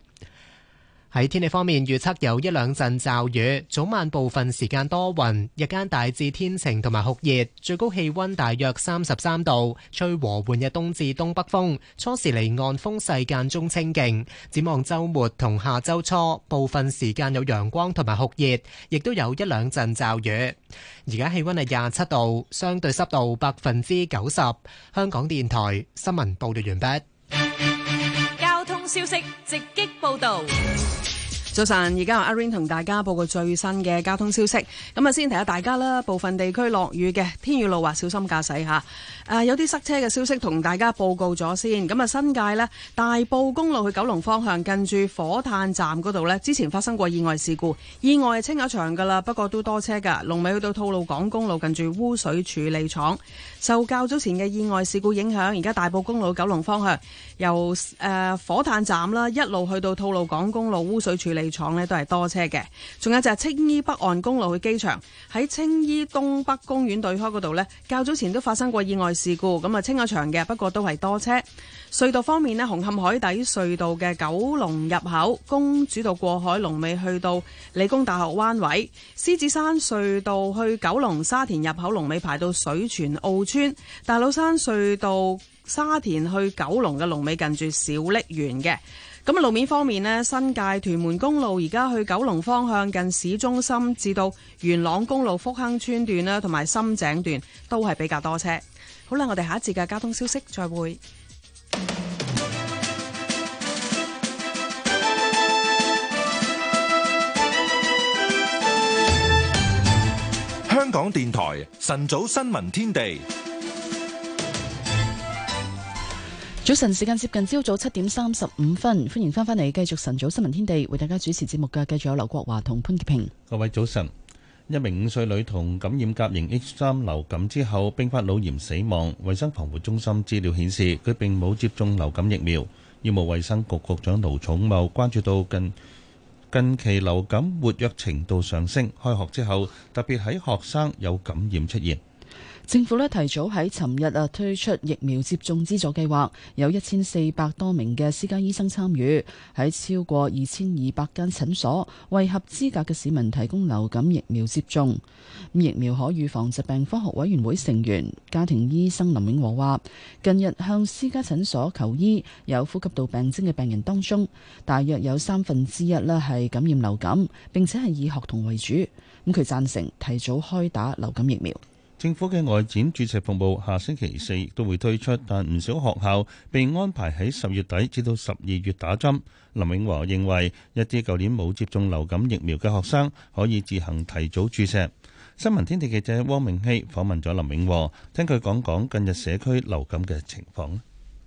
喺天氣方面，預測有一兩陣驟雨，早晚部分時間多雲，日間大致天晴同埋酷熱，最高氣溫大約三十三度，吹和緩嘅東至東北風，初時離岸風勢間中清勁。展望週末同下週初，部分時間有陽光同埋酷熱，亦都有一兩陣驟雨。而家氣溫係廿七度，相對濕度百分之九十。香港電台新聞報道完畢。交通消息直擊報道。早晨，而家阿 Rain 同大家報告最新嘅交通消息。咁啊，先提下大家啦，部分地區落雨嘅，天雨路滑小心駕駛吓。誒、呃，有啲塞車嘅消息同大家報告咗先。咁啊，新界咧大埔公路去九龍方向，近住火炭站度咧，之前發生過意外事故，意外係清咗場噶啦，不過都多車噶。龍尾去到吐露港公路近住污水處理廠，受較早前嘅意外事故影響，而家大埔公路九龍方向由誒、呃、火炭站啦一路去到吐露港公路污水處理。廠咧都係多車嘅，仲有就係青衣北岸公路去機場，喺青衣東北公園對開嗰度咧，較早前都發生過意外事故，咁啊清咗場嘅，不過都係多車。隧道方面咧，紅磡海底隧道嘅九龍入口、公主道過海龍尾去到理工大學灣位，獅子山隧道去九龍沙田入口龍尾排到水泉澳村，大老山隧道沙田去九龍嘅龍尾近住小瀝源嘅。咁路面方面咧，新界屯門公路而家去九龍方向，近市中心至到元朗公路福亨村段啦，同埋深井段都係比較多車。好啦，我哋下一節嘅交通消息再會。香港電台晨早新聞天地。早晨，時間接近朝早七點三十五分，歡迎翻翻嚟，繼續晨早新聞天地，為大家主持節目嘅繼續有劉國華同潘潔平。各位早晨，一名五歲女童感染甲型 H3 流感之後，併發腦炎死亡。衛生防護中心資料顯示，佢並冇接種流感疫苗。醫務衛生局局長盧寵茂關注到近近期流感活躍程度上升，開學之後特別喺學生有感染出現。政府呢提早喺尋日啊推出疫苗接種資助計劃，有一千四百多名嘅私家醫生參與喺超過二千二百間診所，為合資格嘅市民提供流感疫苗接種。疫苗可預防疾病科學委員會成員家庭醫生林永和話，近日向私家診所求醫有呼吸道病徵嘅病人當中，大約有三分之一呢係感染流感，並且係以學童為主。咁佢贊成提早開打流感疫苗。政府嘅外展注射服務下星期四都會推出，但唔少學校被安排喺十月底至到十二月打針。林永和認為，一啲舊年冇接種流感疫苗嘅學生可以自行提早注射。新聞天地記者汪明熙訪問咗林永和，聽佢講講近日社區流感嘅情況。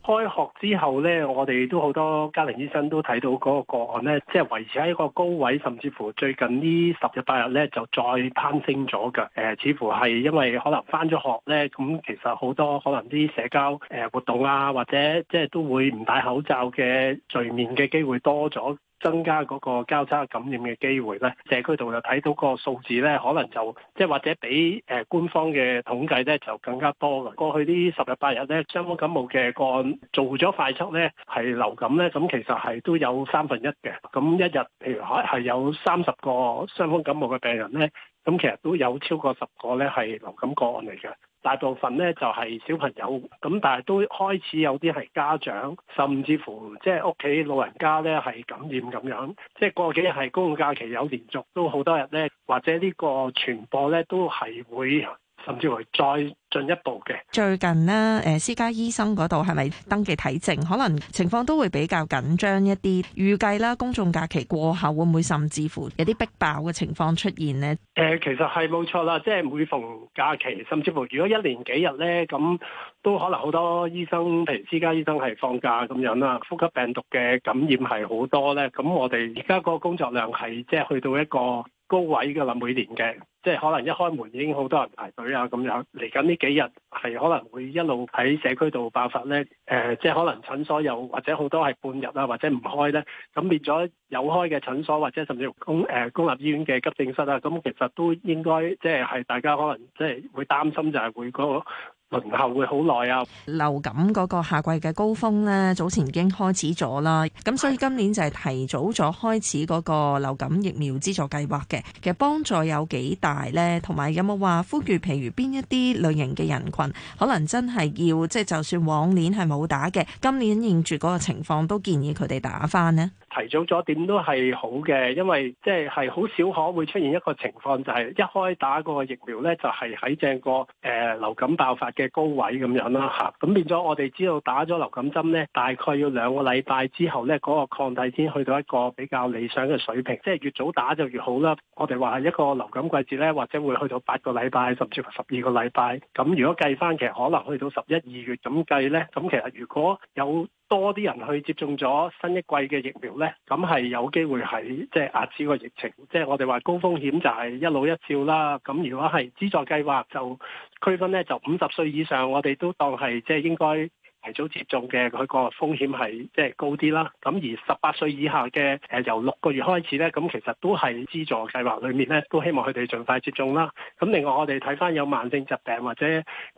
開學之後咧，我哋都好多家庭醫生都睇到嗰個個案咧，即係維持喺一個高位，甚至乎最近呢十日八日咧就再攀升咗嘅。誒、呃，似乎係因為可能翻咗學咧，咁其實好多可能啲社交誒活動啊，或者即係都會唔戴口罩嘅聚面嘅機會多咗。增加嗰個交叉感染嘅機會咧，社區度又睇到個數字咧，可能就即係或者比誒官方嘅統計咧就更加多嘅。過去呢十日八日咧，傷風感冒嘅個案做咗快測咧係流感咧，咁其實係都有三分一嘅。咁一日譬如係有三十個傷風感冒嘅病人咧，咁其實都有超過十個咧係流感個案嚟嘅。大部分咧就係、是、小朋友，咁但係都開始有啲係家長，甚至乎即係屋企老人家咧係感染咁樣，即係過幾日係公共假期有連續都好多日咧，或者呢個傳播咧都係會。甚至乎再進一步嘅。最近呢，誒私家醫生嗰度係咪登記體證？可能情況都會比較緊張一啲。預計啦，公眾假期過後會唔會甚至乎有啲逼爆嘅情況出現呢？誒，其實係冇錯啦，即係每逢假期，甚至乎如果一年幾日咧，咁都可能好多醫生，譬如私家醫生係放假咁樣啦，呼吸病毒嘅感染係好多咧。咁我哋而家個工作量係即係去到一個高位㗎喇，每年嘅。即係可能一開門已經好多人排隊啊！咁樣嚟緊呢幾日係可能會一路喺社區度爆發呢。誒、呃，即係可能診所又或者好多係半日啊，或者唔開呢。咁滅咗有開嘅診所，或者甚至公誒、呃、公立醫院嘅急症室啊。咁其實都應該即係係大家可能即係會擔心，就係會嗰、那個。輪候會好耐啊！流感嗰個夏季嘅高峰呢，早前已經開始咗啦，咁所以今年就係提早咗開始嗰個流感疫苗資助計劃嘅。其實幫助有幾大呢？同埋有冇話呼籲？譬如邊一啲類型嘅人群，可能真係要即係、就是、就算往年係冇打嘅，今年應住嗰個情況都建議佢哋打返呢。提早咗，點都係好嘅，因為即係好少可會出現一個情況，就係一開打個疫苗呢，就係喺正個誒流感爆發嘅高位咁樣啦嚇。咁變咗，我哋知道打咗流感針呢，大概要兩個禮拜之後呢，嗰個抗體先去到一個比較理想嘅水平，即係越早打就越好啦。我哋話一個流感季節呢，或者會去到八個禮拜，甚至乎十二個禮拜。咁如果計翻，其實可能去到十一二月咁計呢。咁其實如果有。多啲人去接種咗新一季嘅疫苗呢，咁係有機會係即係壓止個疫情。即係我哋話高風險就係一老一少啦。咁如果係資助計劃就區分呢，就五十歲以上，我哋都當係即係應該。提早接種嘅，佢個風險係即係高啲啦。咁而十八歲以下嘅，誒，由六個月開始咧，咁其實都係資助計劃裏面咧，都希望佢哋盡快接種啦。咁另外我哋睇翻有慢性疾病或者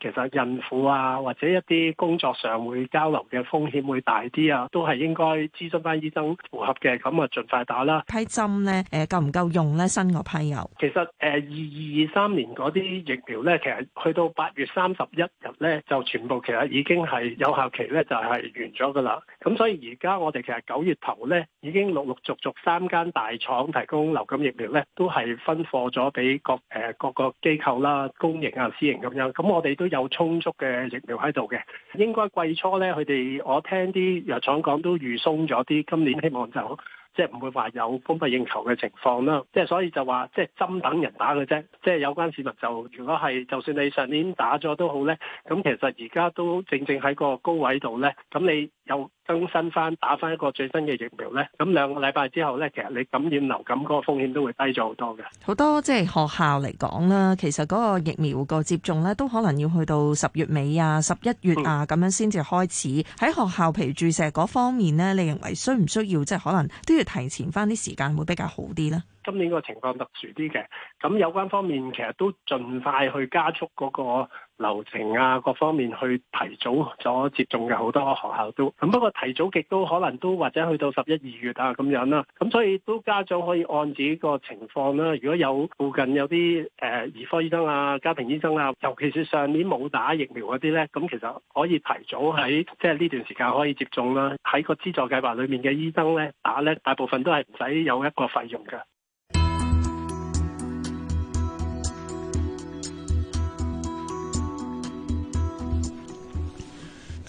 其實孕婦啊，或者一啲工作上會交流嘅風險會大啲啊，都係應該諮詢翻醫生符合嘅，咁啊盡快打啦。批針咧誒，夠唔夠用咧？新個批油。其實誒，二二三年嗰啲疫苗咧，其實去到八月三十一日咧，就全部其實已經係有。後期咧就係、是、完咗噶啦。咁所以而家我哋其實九月頭咧已經陸陸續續三間大廠提供流感疫苗咧，都係分貨咗俾各誒、呃、各個機構啦，公營啊、私營咁樣，咁我哋都有充足嘅疫苗喺度嘅，應該季初咧佢哋我聽啲藥廠講都預鬆咗啲，今年希望就。即係唔會話有供不應求嘅情況啦，即係所以就話即係針等人打嘅啫，即係有關市民就如果係就算你上年打咗都好咧，咁其實而家都正正喺個高位度咧，咁你。又更新翻打翻一個最新嘅疫苗咧，咁兩個禮拜之後咧，其實你感染流感嗰個風險都會低咗好多嘅。好多即係學校嚟講啦，其實嗰個疫苗個接種咧，都可能要去到十月尾啊，十一月啊，咁樣先至開始喺，嗯、學校譬如注射嗰方面咧，你認為需唔需要即係可能都要提前翻啲時間會比較好啲咧？今年個情況特殊啲嘅，咁有關方面其實都盡快去加速嗰個流程啊，各方面去提早咗接種嘅好多學校都，咁不過提早極都可能都或者去到十一二月啊咁樣啦，咁所以都家長可以按自己個情況啦。如果有附近有啲誒兒科醫生啊、家庭醫生啊，尤其是上年冇打疫苗嗰啲呢，咁其實可以提早喺即係呢段時間可以接種啦。喺個資助計劃裡面嘅醫生呢打呢，大部分都係唔使有一個費用嘅。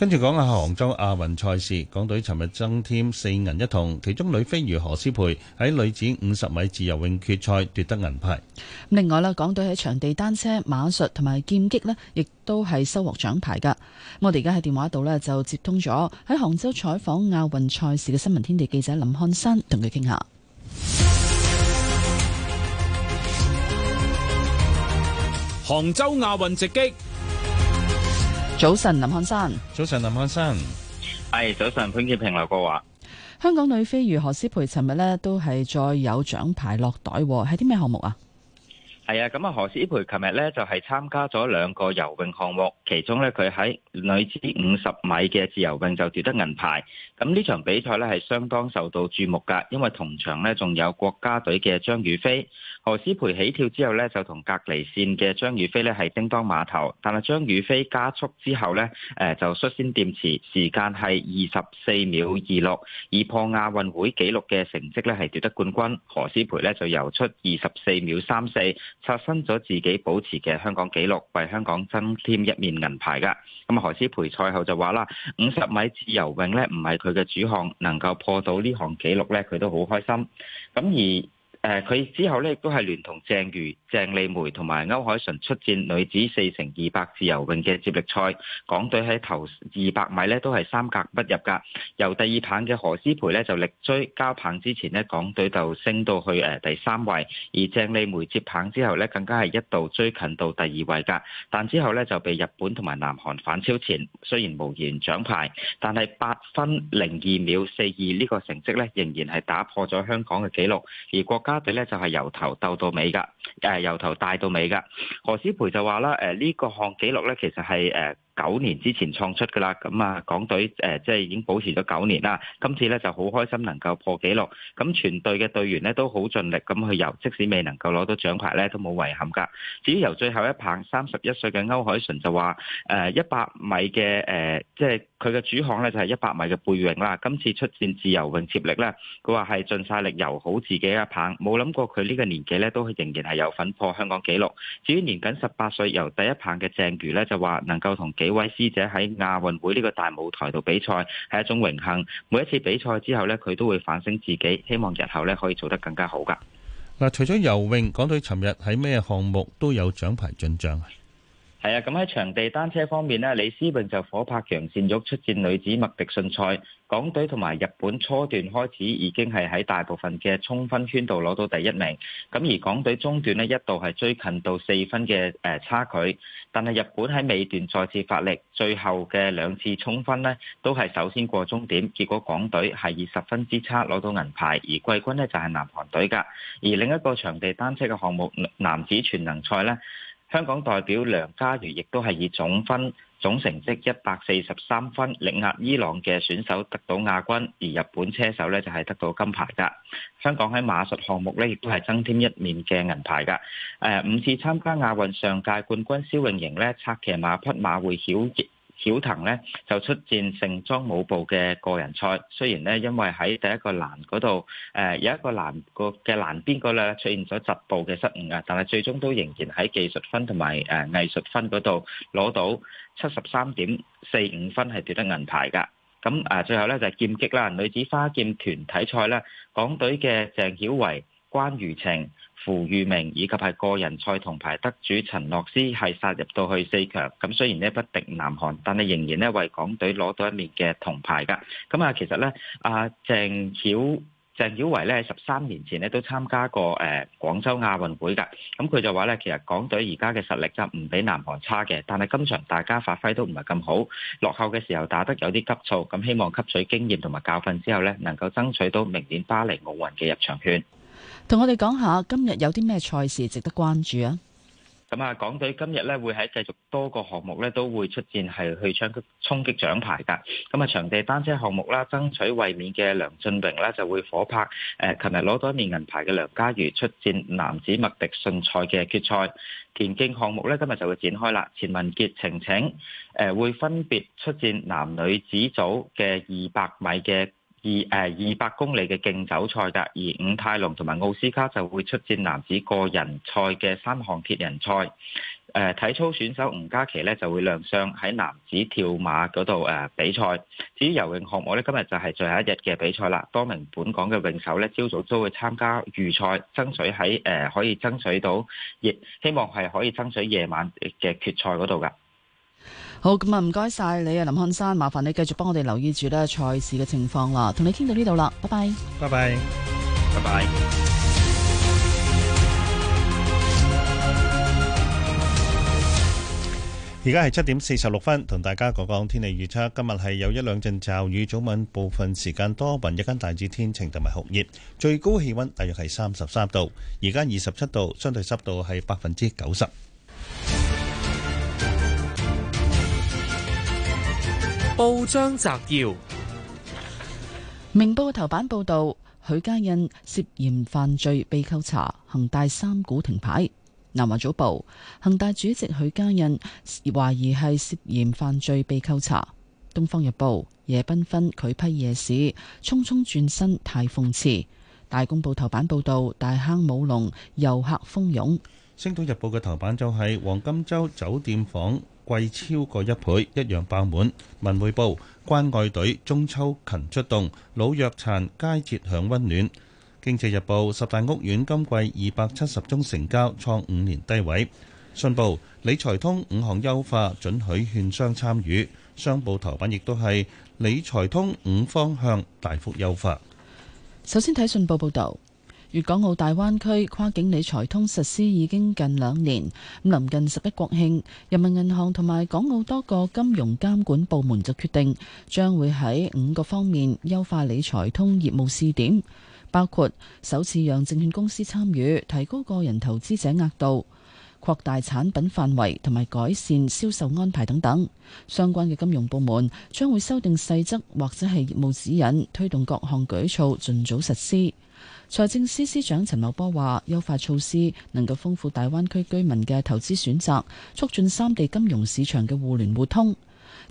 跟住講下杭州亞運賽事，港隊尋日增添四銀一銅，其中女飛魚何詩蓓喺女子五十米自由泳決賽奪得銀牌。另外啦，港隊喺場地單車、馬術同埋劍擊咧，亦都係收穫獎牌噶。我哋而家喺電話度咧就接通咗喺杭州採訪亞運賽事嘅新聞天地記者林漢山，同佢傾下。杭州亞運直擊。早晨，林漢山。早晨，林漢山。係，早晨潘建平、劉國華。香港女飛魚何詩蓓呢，尋日咧都係再有獎牌落袋，係啲咩項目啊？係啊，咁啊，何詩蓓尋日呢就係、是、參加咗兩個游泳項目，其中呢，佢喺女子五十米嘅自由泳就奪得銀牌，咁呢場比賽呢係相當受到注目噶，因為同場呢仲有國家隊嘅張雨霏。何詩蓓起跳之後呢，就同隔籬線嘅張雨霏呢係叮當馬頭，但係張雨霏加速之後呢，誒、呃、就率先掂池，時間係二十四秒二六，而破亞運會紀錄嘅成績呢係奪得冠軍。何詩蓓呢就游出二十四秒三四，刷新咗自己保持嘅香港紀錄，為香港增添一面銀牌噶。咁何詩蓓賽後就話啦：五十米自由泳呢唔係佢嘅主項，能夠破到呢項紀錄呢，佢都好開心。咁而誒，佢，呃、之後咧亦都係聯同鄭如、鄭莉梅、同埋歐鎧淳出戰女子四乘二百自由泳嘅接力賽，港隊喺頭二百米咧都係三甲不入噶。由第二棒嘅何詩蓓咧就力追，交棒之前咧，港隊就升到去誒、呃、第三位，而鄭莉梅接棒之後咧，更加係一度追近到第二位噶。但之後咧就被日本同埋南韓反超前，雖然無緣獎牌，但係八分零二秒四二呢個成績咧仍然係打破咗香港嘅紀錄，而國家。他哋咧就係由頭鬥到尾噶，誒由頭帶到尾噶。何思培就話啦，誒呢個項紀錄咧其實係誒。九年之前創出嘅啦，咁啊港隊誒、呃、即係已經保持咗九年啦。今次咧就好開心能夠破紀錄，咁全隊嘅隊員呢都好盡力咁去遊，即使未能夠攞到獎牌咧都冇遺憾噶。至於由最後一棒三十一歲嘅歐鎧淳就話誒一百米嘅誒、呃、即係佢嘅主項咧就係一百米嘅背泳啦。今次出戰自由泳接力咧，佢話係盡晒力遊好自己一棒，冇諗過佢呢個年紀咧都仍然係有份破香港紀錄。至於年僅十八歲由第一棒嘅鄭如咧就話能夠同幾位師姐喺亞運會呢個大舞台度比賽，係一種榮幸。每一次比賽之後呢，佢都會反省自己，希望日後呢可以做得更加好噶。嗱，除咗游泳，港隊尋日喺咩項目都有獎牌進賬啊？係啊，咁喺場地單車方面呢，李思穎就夥拍楊倩玉出戰女子麥迪遜賽，港隊同埋日本初段開始已經係喺大部分嘅衝分圈度攞到第一名，咁而港隊中段呢，一度係追近到四分嘅誒差距，但係日本喺尾段再次發力，最後嘅兩次衝分呢都係首先過終點，結果港隊係以十分之差攞到銀牌，而季軍呢就係、是、南韓隊㗎，而另一個場地單車嘅項目男子全能賽呢。香港代表梁家瑜亦都係以總分總成績一百四十三分力壓伊朗嘅選手得到亞軍，而日本車手呢，就係得到金牌㗎。香港喺馬術項目呢，亦都係增添一面嘅銀牌㗎。誒，五次參加亞運上屆冠軍肖泳瑩呢，策騎馬匹馬會曉曉騰咧就出戰盛裝舞步嘅個人賽，雖然咧因為喺第一個欄嗰度，誒、呃、有一個欄個嘅欄邊嗰咧出現咗疾步嘅失誤啊，但係最終都仍然喺技術分同埋誒藝術分嗰度攞到七十三點四五分奪，係奪得銀牌噶。咁啊，最後咧就係劍擊啦，女子花劍團體賽啦，港隊嘅鄭曉維、關如晴、傅裕明以及係個人賽銅牌得主陳諾斯係殺入到去四強，咁雖然呢不敵南韓，但係仍然呢為港隊攞到一面嘅銅牌噶。咁啊，其實呢，阿、呃、鄭曉鄭曉維咧，十三年前呢都參加過誒、呃、廣州亞運會噶。咁佢就話呢，其實港隊而家嘅實力就唔比南韓差嘅，但係今場大家發揮都唔係咁好，落後嘅時候打得有啲急躁。咁希望吸取經驗同埋教訓之後呢，能夠爭取到明年巴黎奧運嘅入場券。同我哋講下今日有啲咩賽事值得關注啊？咁啊，港隊今日咧，會喺繼續多個項目咧都會出戰，係去衝擊衝擊獎牌噶。咁啊，場地單車項目啦，爭取衛冕嘅梁俊榮啦就會火拍。誒，琴日攞到一面銀牌嘅梁家瑜出戰男子麥迪遜賽嘅決賽。田徑項目咧今日就會展開啦。錢文傑、晴晴誒會分別出戰男女子組嘅二百米嘅。二誒二百公里嘅競走賽㗎，而伍泰龍同埋奧斯卡就會出戰男子個人賽嘅三項鐵人賽。誒、呃、體操選手吳嘉琪咧就會亮相喺男子跳馬嗰度誒比賽。至於游泳項目咧，今日就係最後一日嘅比賽啦。多名本港嘅泳手咧，朝早都會參加預賽，爭取喺誒可以爭取到，亦希望係可以爭取夜晚嘅決賽嗰度㗎。好，咁啊，唔該晒你啊，林漢山，麻煩你繼續幫我哋留意住呢賽事嘅情況啦。同你傾到呢度啦，拜拜，拜拜，拜拜。而家係七點四十六分，同大家講講天氣預測。今日係有一兩陣驟雨，早晚部分時間多雲，日間大致天晴同埋酷熱，最高氣温大約係三十三度。而家二十七度，相對濕度係百分之九十。報章摘要：明報頭版報道，許家印涉嫌犯罪被扣查，恒大三股停牌。南華早報：恒大主席許家印懷疑係涉嫌犯罪被扣查。東方日報：夜繽紛拒批夜市，匆匆轉身太諷刺。大公報頭版報道：大坑舞龍，遊客蜂擁。星島日報嘅頭版就係黃金周酒店房，貴超過一倍，一樣爆滿。文匯報關愛隊中秋勤出動，老弱殘佳節享溫暖。經濟日報十大屋苑今季二百七十宗成交，創五年低位。信報理財通五項優化，准許券商參與。商報頭版亦都係理財通五方向大幅優化。首先睇信報報道。粵港澳大灣區跨境理財通實施已經近兩年，咁臨近十一國慶，人民銀行同埋港澳多個金融監管部門就決定，將會喺五個方面優化理財通業務試點，包括首次讓證券公司參與，提高個人投資者額度，擴大產品範圍，同埋改善銷售安排等等。相關嘅金融部門將會修訂細則或者係業務指引，推動各項舉措盡早實施。財政司司長陳茂波話，優化措施能夠豐富大灣區居民嘅投資選擇，促進三地金融市場嘅互聯互通。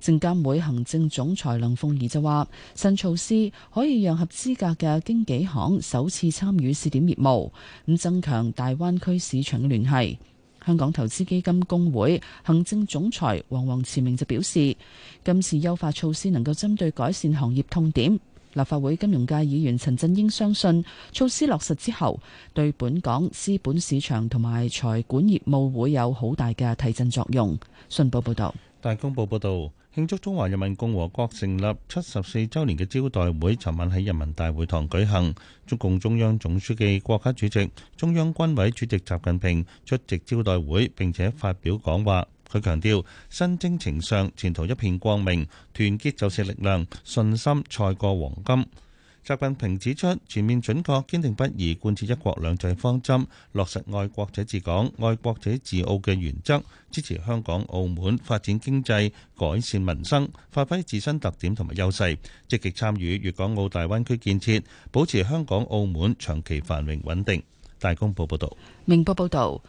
證監會行政總裁梁鳳儀就話，新措施可以讓合資格嘅經紀行首次參與試點業務，咁增強大灣區市場嘅聯繫。香港投資基金公會行政總裁黃王慈明就表示，今次優化措施能夠針對改善行業痛點。立法會金融界議員陳振英相信，措施落實之後，對本港資本市場同埋財管業務會有好大嘅提振作用。信報報道，大公報報道，慶祝中華人民共和國成立七十四週年嘅招待會，尋晚喺人民大會堂舉行。中共中央總書記、國家主席、中央軍委主席習近平出席招待會，並且發表講話。佢強調，新征程上前途一片光明，團結就是力量，信心賽過黃金。習近平指出，全面準確、堅定不移貫徹一國兩制方針，落實愛國者治港、愛國者治澳嘅原則，支持香港、澳門發展經濟、改善民生，發揮自身特點同埋優勢，積極參與粵港澳大灣區建設，保持香港、澳門長期繁榮穩定。大公報報道，明報報道，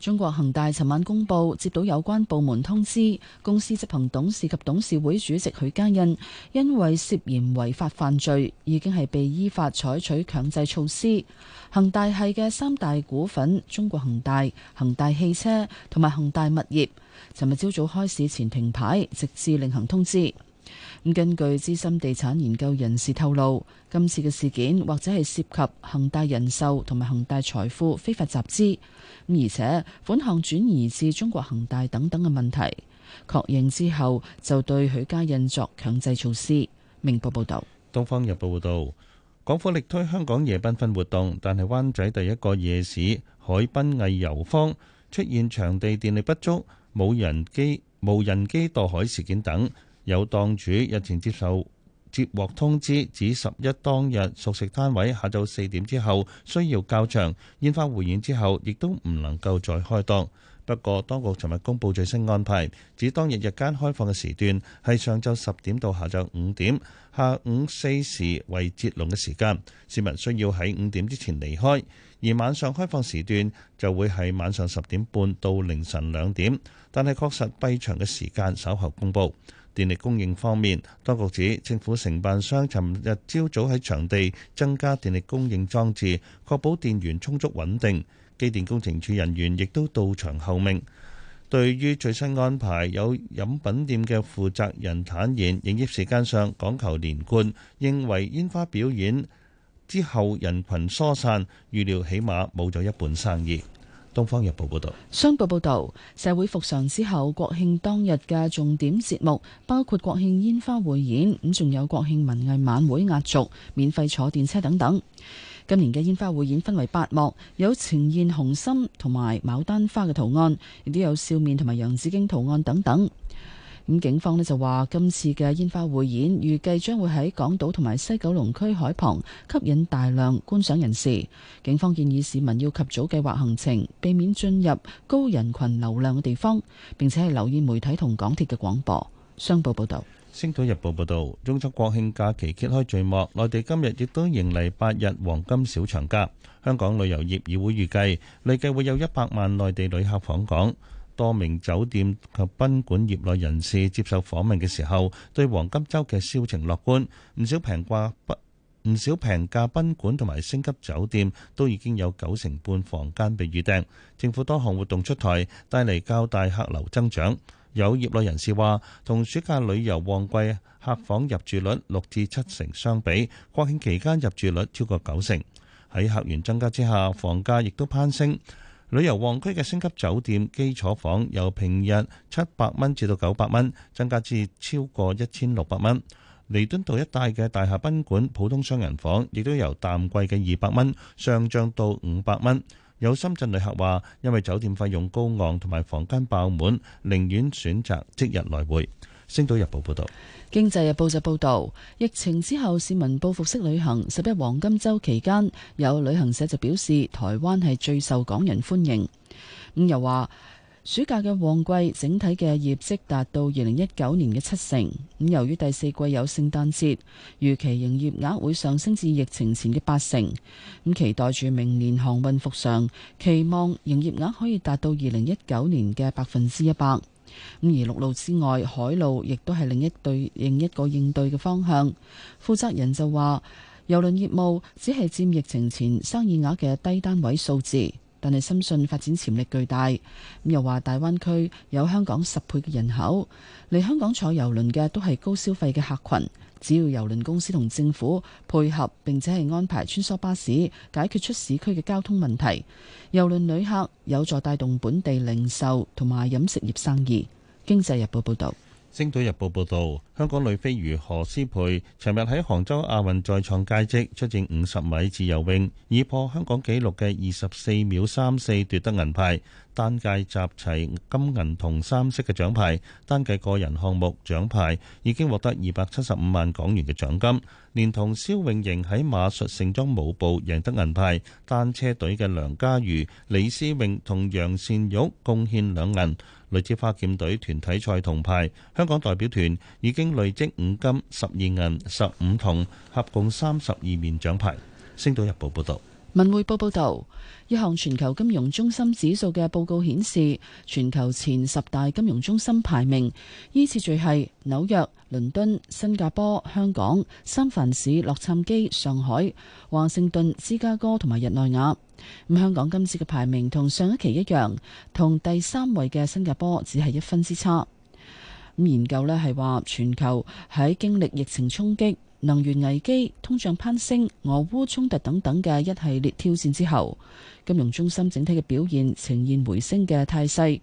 中國恒大尋晚公布，接到有關部門通知，公司執行董事及董事會主席許家印因為涉嫌違法犯罪，已經係被依法採取強制措施。恒大係嘅三大股份，中國恒大、恒大汽車同埋恒大物業，尋日朝早開市前停牌，直至另行通知。根據資深地產研究人士透露，今次嘅事件或者係涉及恒大人壽同埋恒大財富非法集資，而且款項轉移至中國恒大等等嘅問題，確認之後，就對許家印作強制措施。明報報道，東方日報報道，港府力推香港夜繽紛活動，但係灣仔第一個夜市海濱藝遊坊出現場地電力不足、無人機無人機墮海事件等。有檔主日前接受接獲通知，指十一當日熟食單位下晝四點之後需要校場煙花匯演之後，亦都唔能夠再開檔。不過，當局尋日公布最新安排，指當日日間開放嘅時段係上晝十點到下晝五點，下午四時為截龍嘅時間，市民需要喺五點之前離開。而晚上開放時段就會係晚上十點半到凌晨兩點，但係確實閉場嘅時間稍後公布。電力供應方面，當局指政府承辦商尋日朝早喺場地增加電力供應裝置，確保電源充足穩定。機電工程署人員亦都到場候命。對於最新安排，有飲品店嘅負責人坦言，營業時間上講求連貫，認為煙花表演之後人群疏散，預料起碼冇咗一半生意。東方日報報道，商報報道，社會復常之後，國慶當日嘅重點節目包括國慶煙花匯演，咁仲有國慶文藝晚會壓軸、免費坐電車等等。今年嘅煙花匯演分為八幕，有呈現紅心同埋牡丹花嘅圖案，亦都有笑面同埋洋紫荊圖案等等。咁警方呢就話，今次嘅煙花匯演預計將會喺港島同埋西九龍區海旁吸引大量觀賞人士。警方建議市民要及早計劃行程，避免進入高人群流量嘅地方，並且係留意媒體同港鐵嘅廣播。商報報道，《星島日報》報道，中秋國慶假期揭開序幕，內地今日亦都迎嚟八日黃金小長假。香港旅遊業議會預計，累計會有一百萬內地旅客訪港。多名酒店及賓館業內人士接受訪問嘅時候，對黃金周嘅銷情樂觀，唔少平價賓唔少平價賓館同埋星級酒店都已經有九成半房間被預訂，政府多項活動出台，帶嚟較大客流增長，有業內人士話，同暑假旅遊旺季客房入住率六至七成相比，國慶期間入住率超過九成。喺客源增加之下，房價亦都攀升。旅遊旺區嘅星級酒店基礎房由平日七百蚊至到九百蚊，增加至超過一千六百蚊。彌敦道一帶嘅大廈賓館普通雙人房亦都由淡季嘅二百蚊上漲到五百蚊。有深圳旅客話，因為酒店費用高昂同埋房間爆滿，寧願選擇即日來回。星島日報報道，經濟日報就報道，疫情之後市民報復式旅行，十一黃金周期間，有旅行社就表示，台灣係最受港人歡迎。咁又話，暑假嘅旺季整體嘅業績達到二零一九年嘅七成。咁由於第四季有聖誕節，預期營業額會上升至疫情前嘅八成。咁期待住明年航運復常，期望營業額可以達到二零一九年嘅百分之一百。咁而陸路之外，海路亦都係另一對另一個應對嘅方向。負責人就話，郵輪業務只係占疫情前生意額嘅低單位數字，但係深信發展潛力巨大。咁又話大灣區有香港十倍嘅人口，嚟香港坐郵輪嘅都係高消費嘅客群。只要郵輪公司同政府配合，並且係安排穿梭巴士，解決出市區嘅交通問題，郵輪旅客有助帶動本地零售同埋飲食業生意。經濟日報報導。星島日報報道，香港女飛魚何詩蓓尋日喺杭州亞運再創佳績，出戰五十米自由泳，以破香港紀錄嘅二十四秒三四奪得銀牌，單屆集齊金銀銅三色嘅獎牌，單計個人項目獎牌已經獲得二百七十五萬港元嘅獎金，連同蕭穎瑩喺馬術盛裝舞步贏得銀牌，單車隊嘅梁家瑜、李思穎同楊善玉貢獻兩銀。女子花劍隊團體賽銅牌，香港代表團已經累積五金十二銀十五銅，合共三十二面獎牌。星島日報報道。文匯報報道，一項全球金融中心指數嘅報告顯示，全球前十大金融中心排名依次序係紐約、倫敦、新加坡、香港、三藩市、洛杉磯、上海、華盛頓、芝加哥同埋日內瓦。咁香港今次嘅排名同上一期一樣，同第三位嘅新加坡只係一分之差。咁研究呢係話，全球喺經歷疫情衝擊、能源危機、通脹攀升、俄烏衝突等等嘅一系列挑戰之後，金融中心整體嘅表現呈現回升嘅態勢。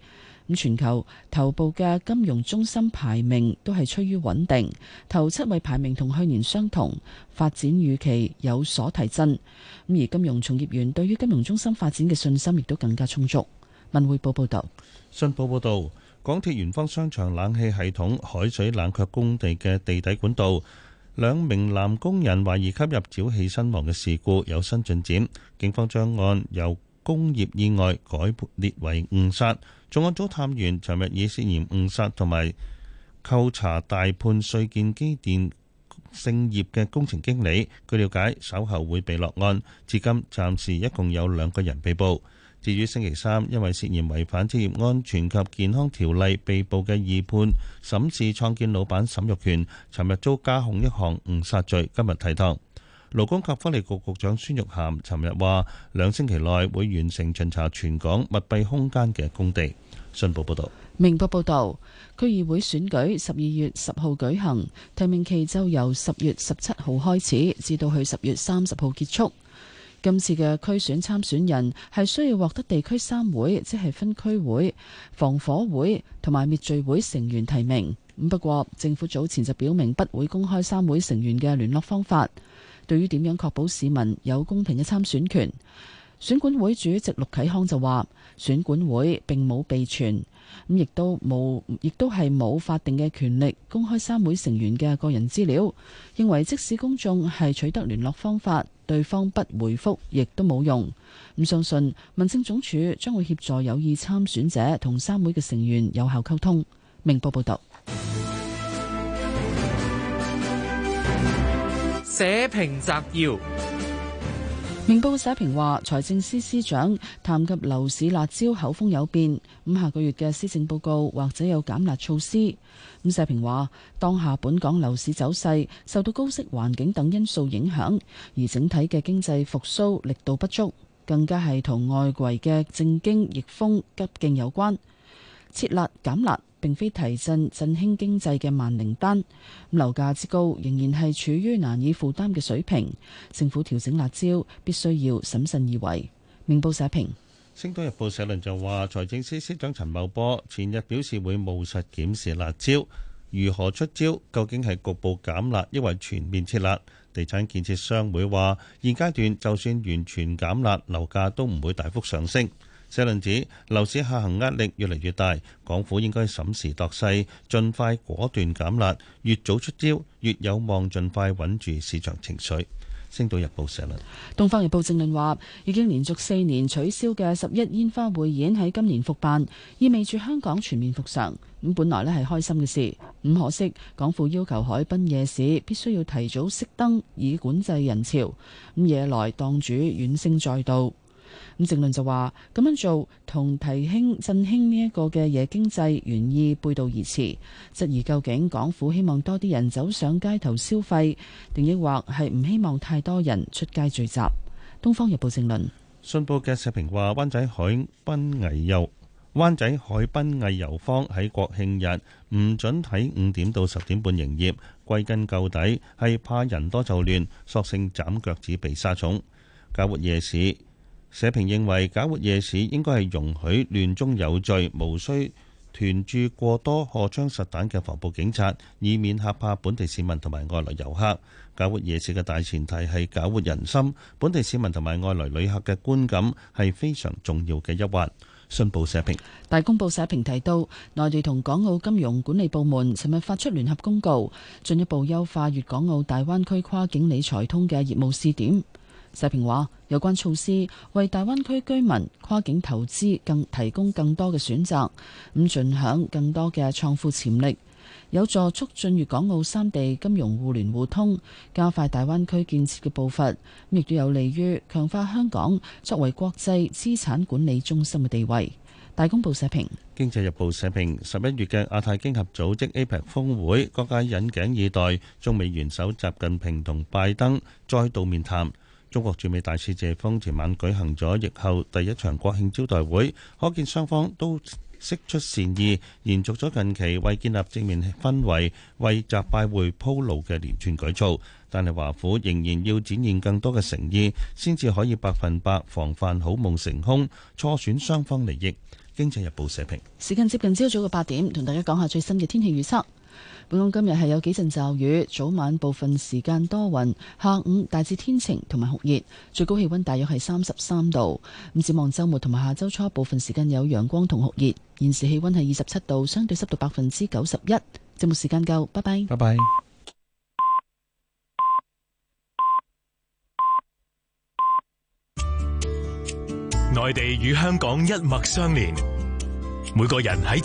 咁全球頭部嘅金融中心排名都係趨於穩定，頭七位排名同去年相同，發展預期有所提振。咁而金融從業員對於金融中心發展嘅信心亦都更加充足。文匯報報導，信報報導，港鐵圓方商場冷氣系統海水冷卻工地嘅地底管道，兩名男工人懷疑吸入沼氣身亡嘅事故有新進展，警方將案由工業意外改列為誤殺。重案組探員尋日以涉嫌誤殺同埋扣查大判瑞建機電聖業嘅工程經理，據了解稍後會被落案。至今暫時一共有兩個人被捕。至於星期三，因為涉嫌違反職業安全及健康條例被捕嘅二判沈氏創建老闆沈玉權，尋日遭加控一項誤殺罪，今日提堂。勞工及福利局局長孫玉菡尋日話：兩星期內會完成巡查全港密閉空間嘅工地。信報報道，明報報道，區議會選舉十二月十號舉行，提名期就由十月十七號開始，至到去十月三十號結束。今次嘅區選參選人係需要獲得地區三會，即係分區會、防火會同埋滅罪會成員提名。咁不過政府早前就表明不會公開三會成員嘅聯絡方法。對於點樣確保市民有公平嘅參選權，選管會主席陸啟康就話：選管會並冇備存，咁亦都冇，亦都係冇法定嘅權力公開三會成員嘅個人資料。認為即使公眾係取得聯絡方法，對方不回覆，亦都冇用。咁相信民政總署將會協助有意參選者同三會嘅成員有效溝通。明報報道。社評摘要：明報社評話，財政司司長談及樓市辣招口風有變，咁下個月嘅施政報告或者有減辣措施。咁社評話，當下本港樓市走勢受到高息環境等因素影響，而整體嘅經濟復甦力度不足，更加係同外圍嘅政經逆風急勁有關。撤辣減辣。並非提振振興經濟嘅萬靈丹，樓價之高仍然係處於難以負擔嘅水平。政府調整辣招必須要審慎而為。明報社評。《星島日報》社論就話：財政司司長陳茂波前日表示會務實檢視辣招，如何出招？究竟係局部減辣，抑或全面撤辣？地產建設商會話：現階段就算完全減辣，樓價都唔會大幅上升。社論指樓市下行壓力越嚟越大，港府應該審時度勢，盡快果斷減辣，越早出招，越有望盡快穩住市場情緒。星島日報社論，東方日報正論話，已經連續四年取消嘅十一煙花匯演喺今年復辦，意味住香港全面復常。咁本來呢係開心嘅事，唔可惜港府要求海濱夜市必須要提早熄燈，以管制人潮。咁夜來檔主怨聲載道。咁，正論就話咁樣做同提興振興呢一個嘅夜經濟，原意背道而馳。質疑究竟港府希望多啲人走上街頭消費，定抑或係唔希望太多人出街聚集？東方日報正論，信報嘅社評話：灣仔海濱藝遊灣仔海濱藝遊坊喺國慶日唔准喺五點到十點半營業，歸根究底係怕人多就亂，索性斬腳趾避沙蟲搞活夜市。社評認為，搞活夜市應該係容許亂中有序，無需團住過多荷槍實彈嘅防暴警察，以免嚇怕本地市民同埋外來遊客。搞活夜市嘅大前提係搞活人心，本地市民同埋外來旅客嘅觀感係非常重要嘅一環。信報社評大公報社評提到，內地同港澳金融管理部門尋日發出聯合公告，進一步優化粵港澳大灣區跨境理財通嘅業務試點。社評話，有關措施為大灣區居民跨境投資更提供更多嘅選擇，咁盡享更多嘅創富潛力，有助促進粵港澳三地金融互聯互通，加快大灣區建設嘅步伐，亦都有利於強化香港作為國際資產管理中心嘅地位。大公報社評，《經濟日報》社評：十一月嘅亞太經合組織 APEC 峰會，各界引頸以待，中美元首習近平同拜登再度面談。中國駐美大使謝鋒前晚舉行咗疫後第一場國慶招待會，可見雙方都釋出善意，延續咗近期為建立正面氛圍、為習拜會鋪路嘅連串舉措。但係華府仍然要展現更多嘅誠意，先至可以百分百防範好夢成空、錯選雙方利益。《經濟日報》社評。時間接近朝早嘅八點，同大家講下最新嘅天氣預測。本港今日係有幾陣驟雨，早晚部分時間多雲，下午大致天晴同埋酷熱，最高氣溫大約係三十三度。展望週末同埋下週初部分時間有陽光同酷熱。現時氣溫係二十七度，相對濕度百分之九十一。節目時間夠，拜拜。拜拜 bye。內地與香港一脈相連，每個人喺。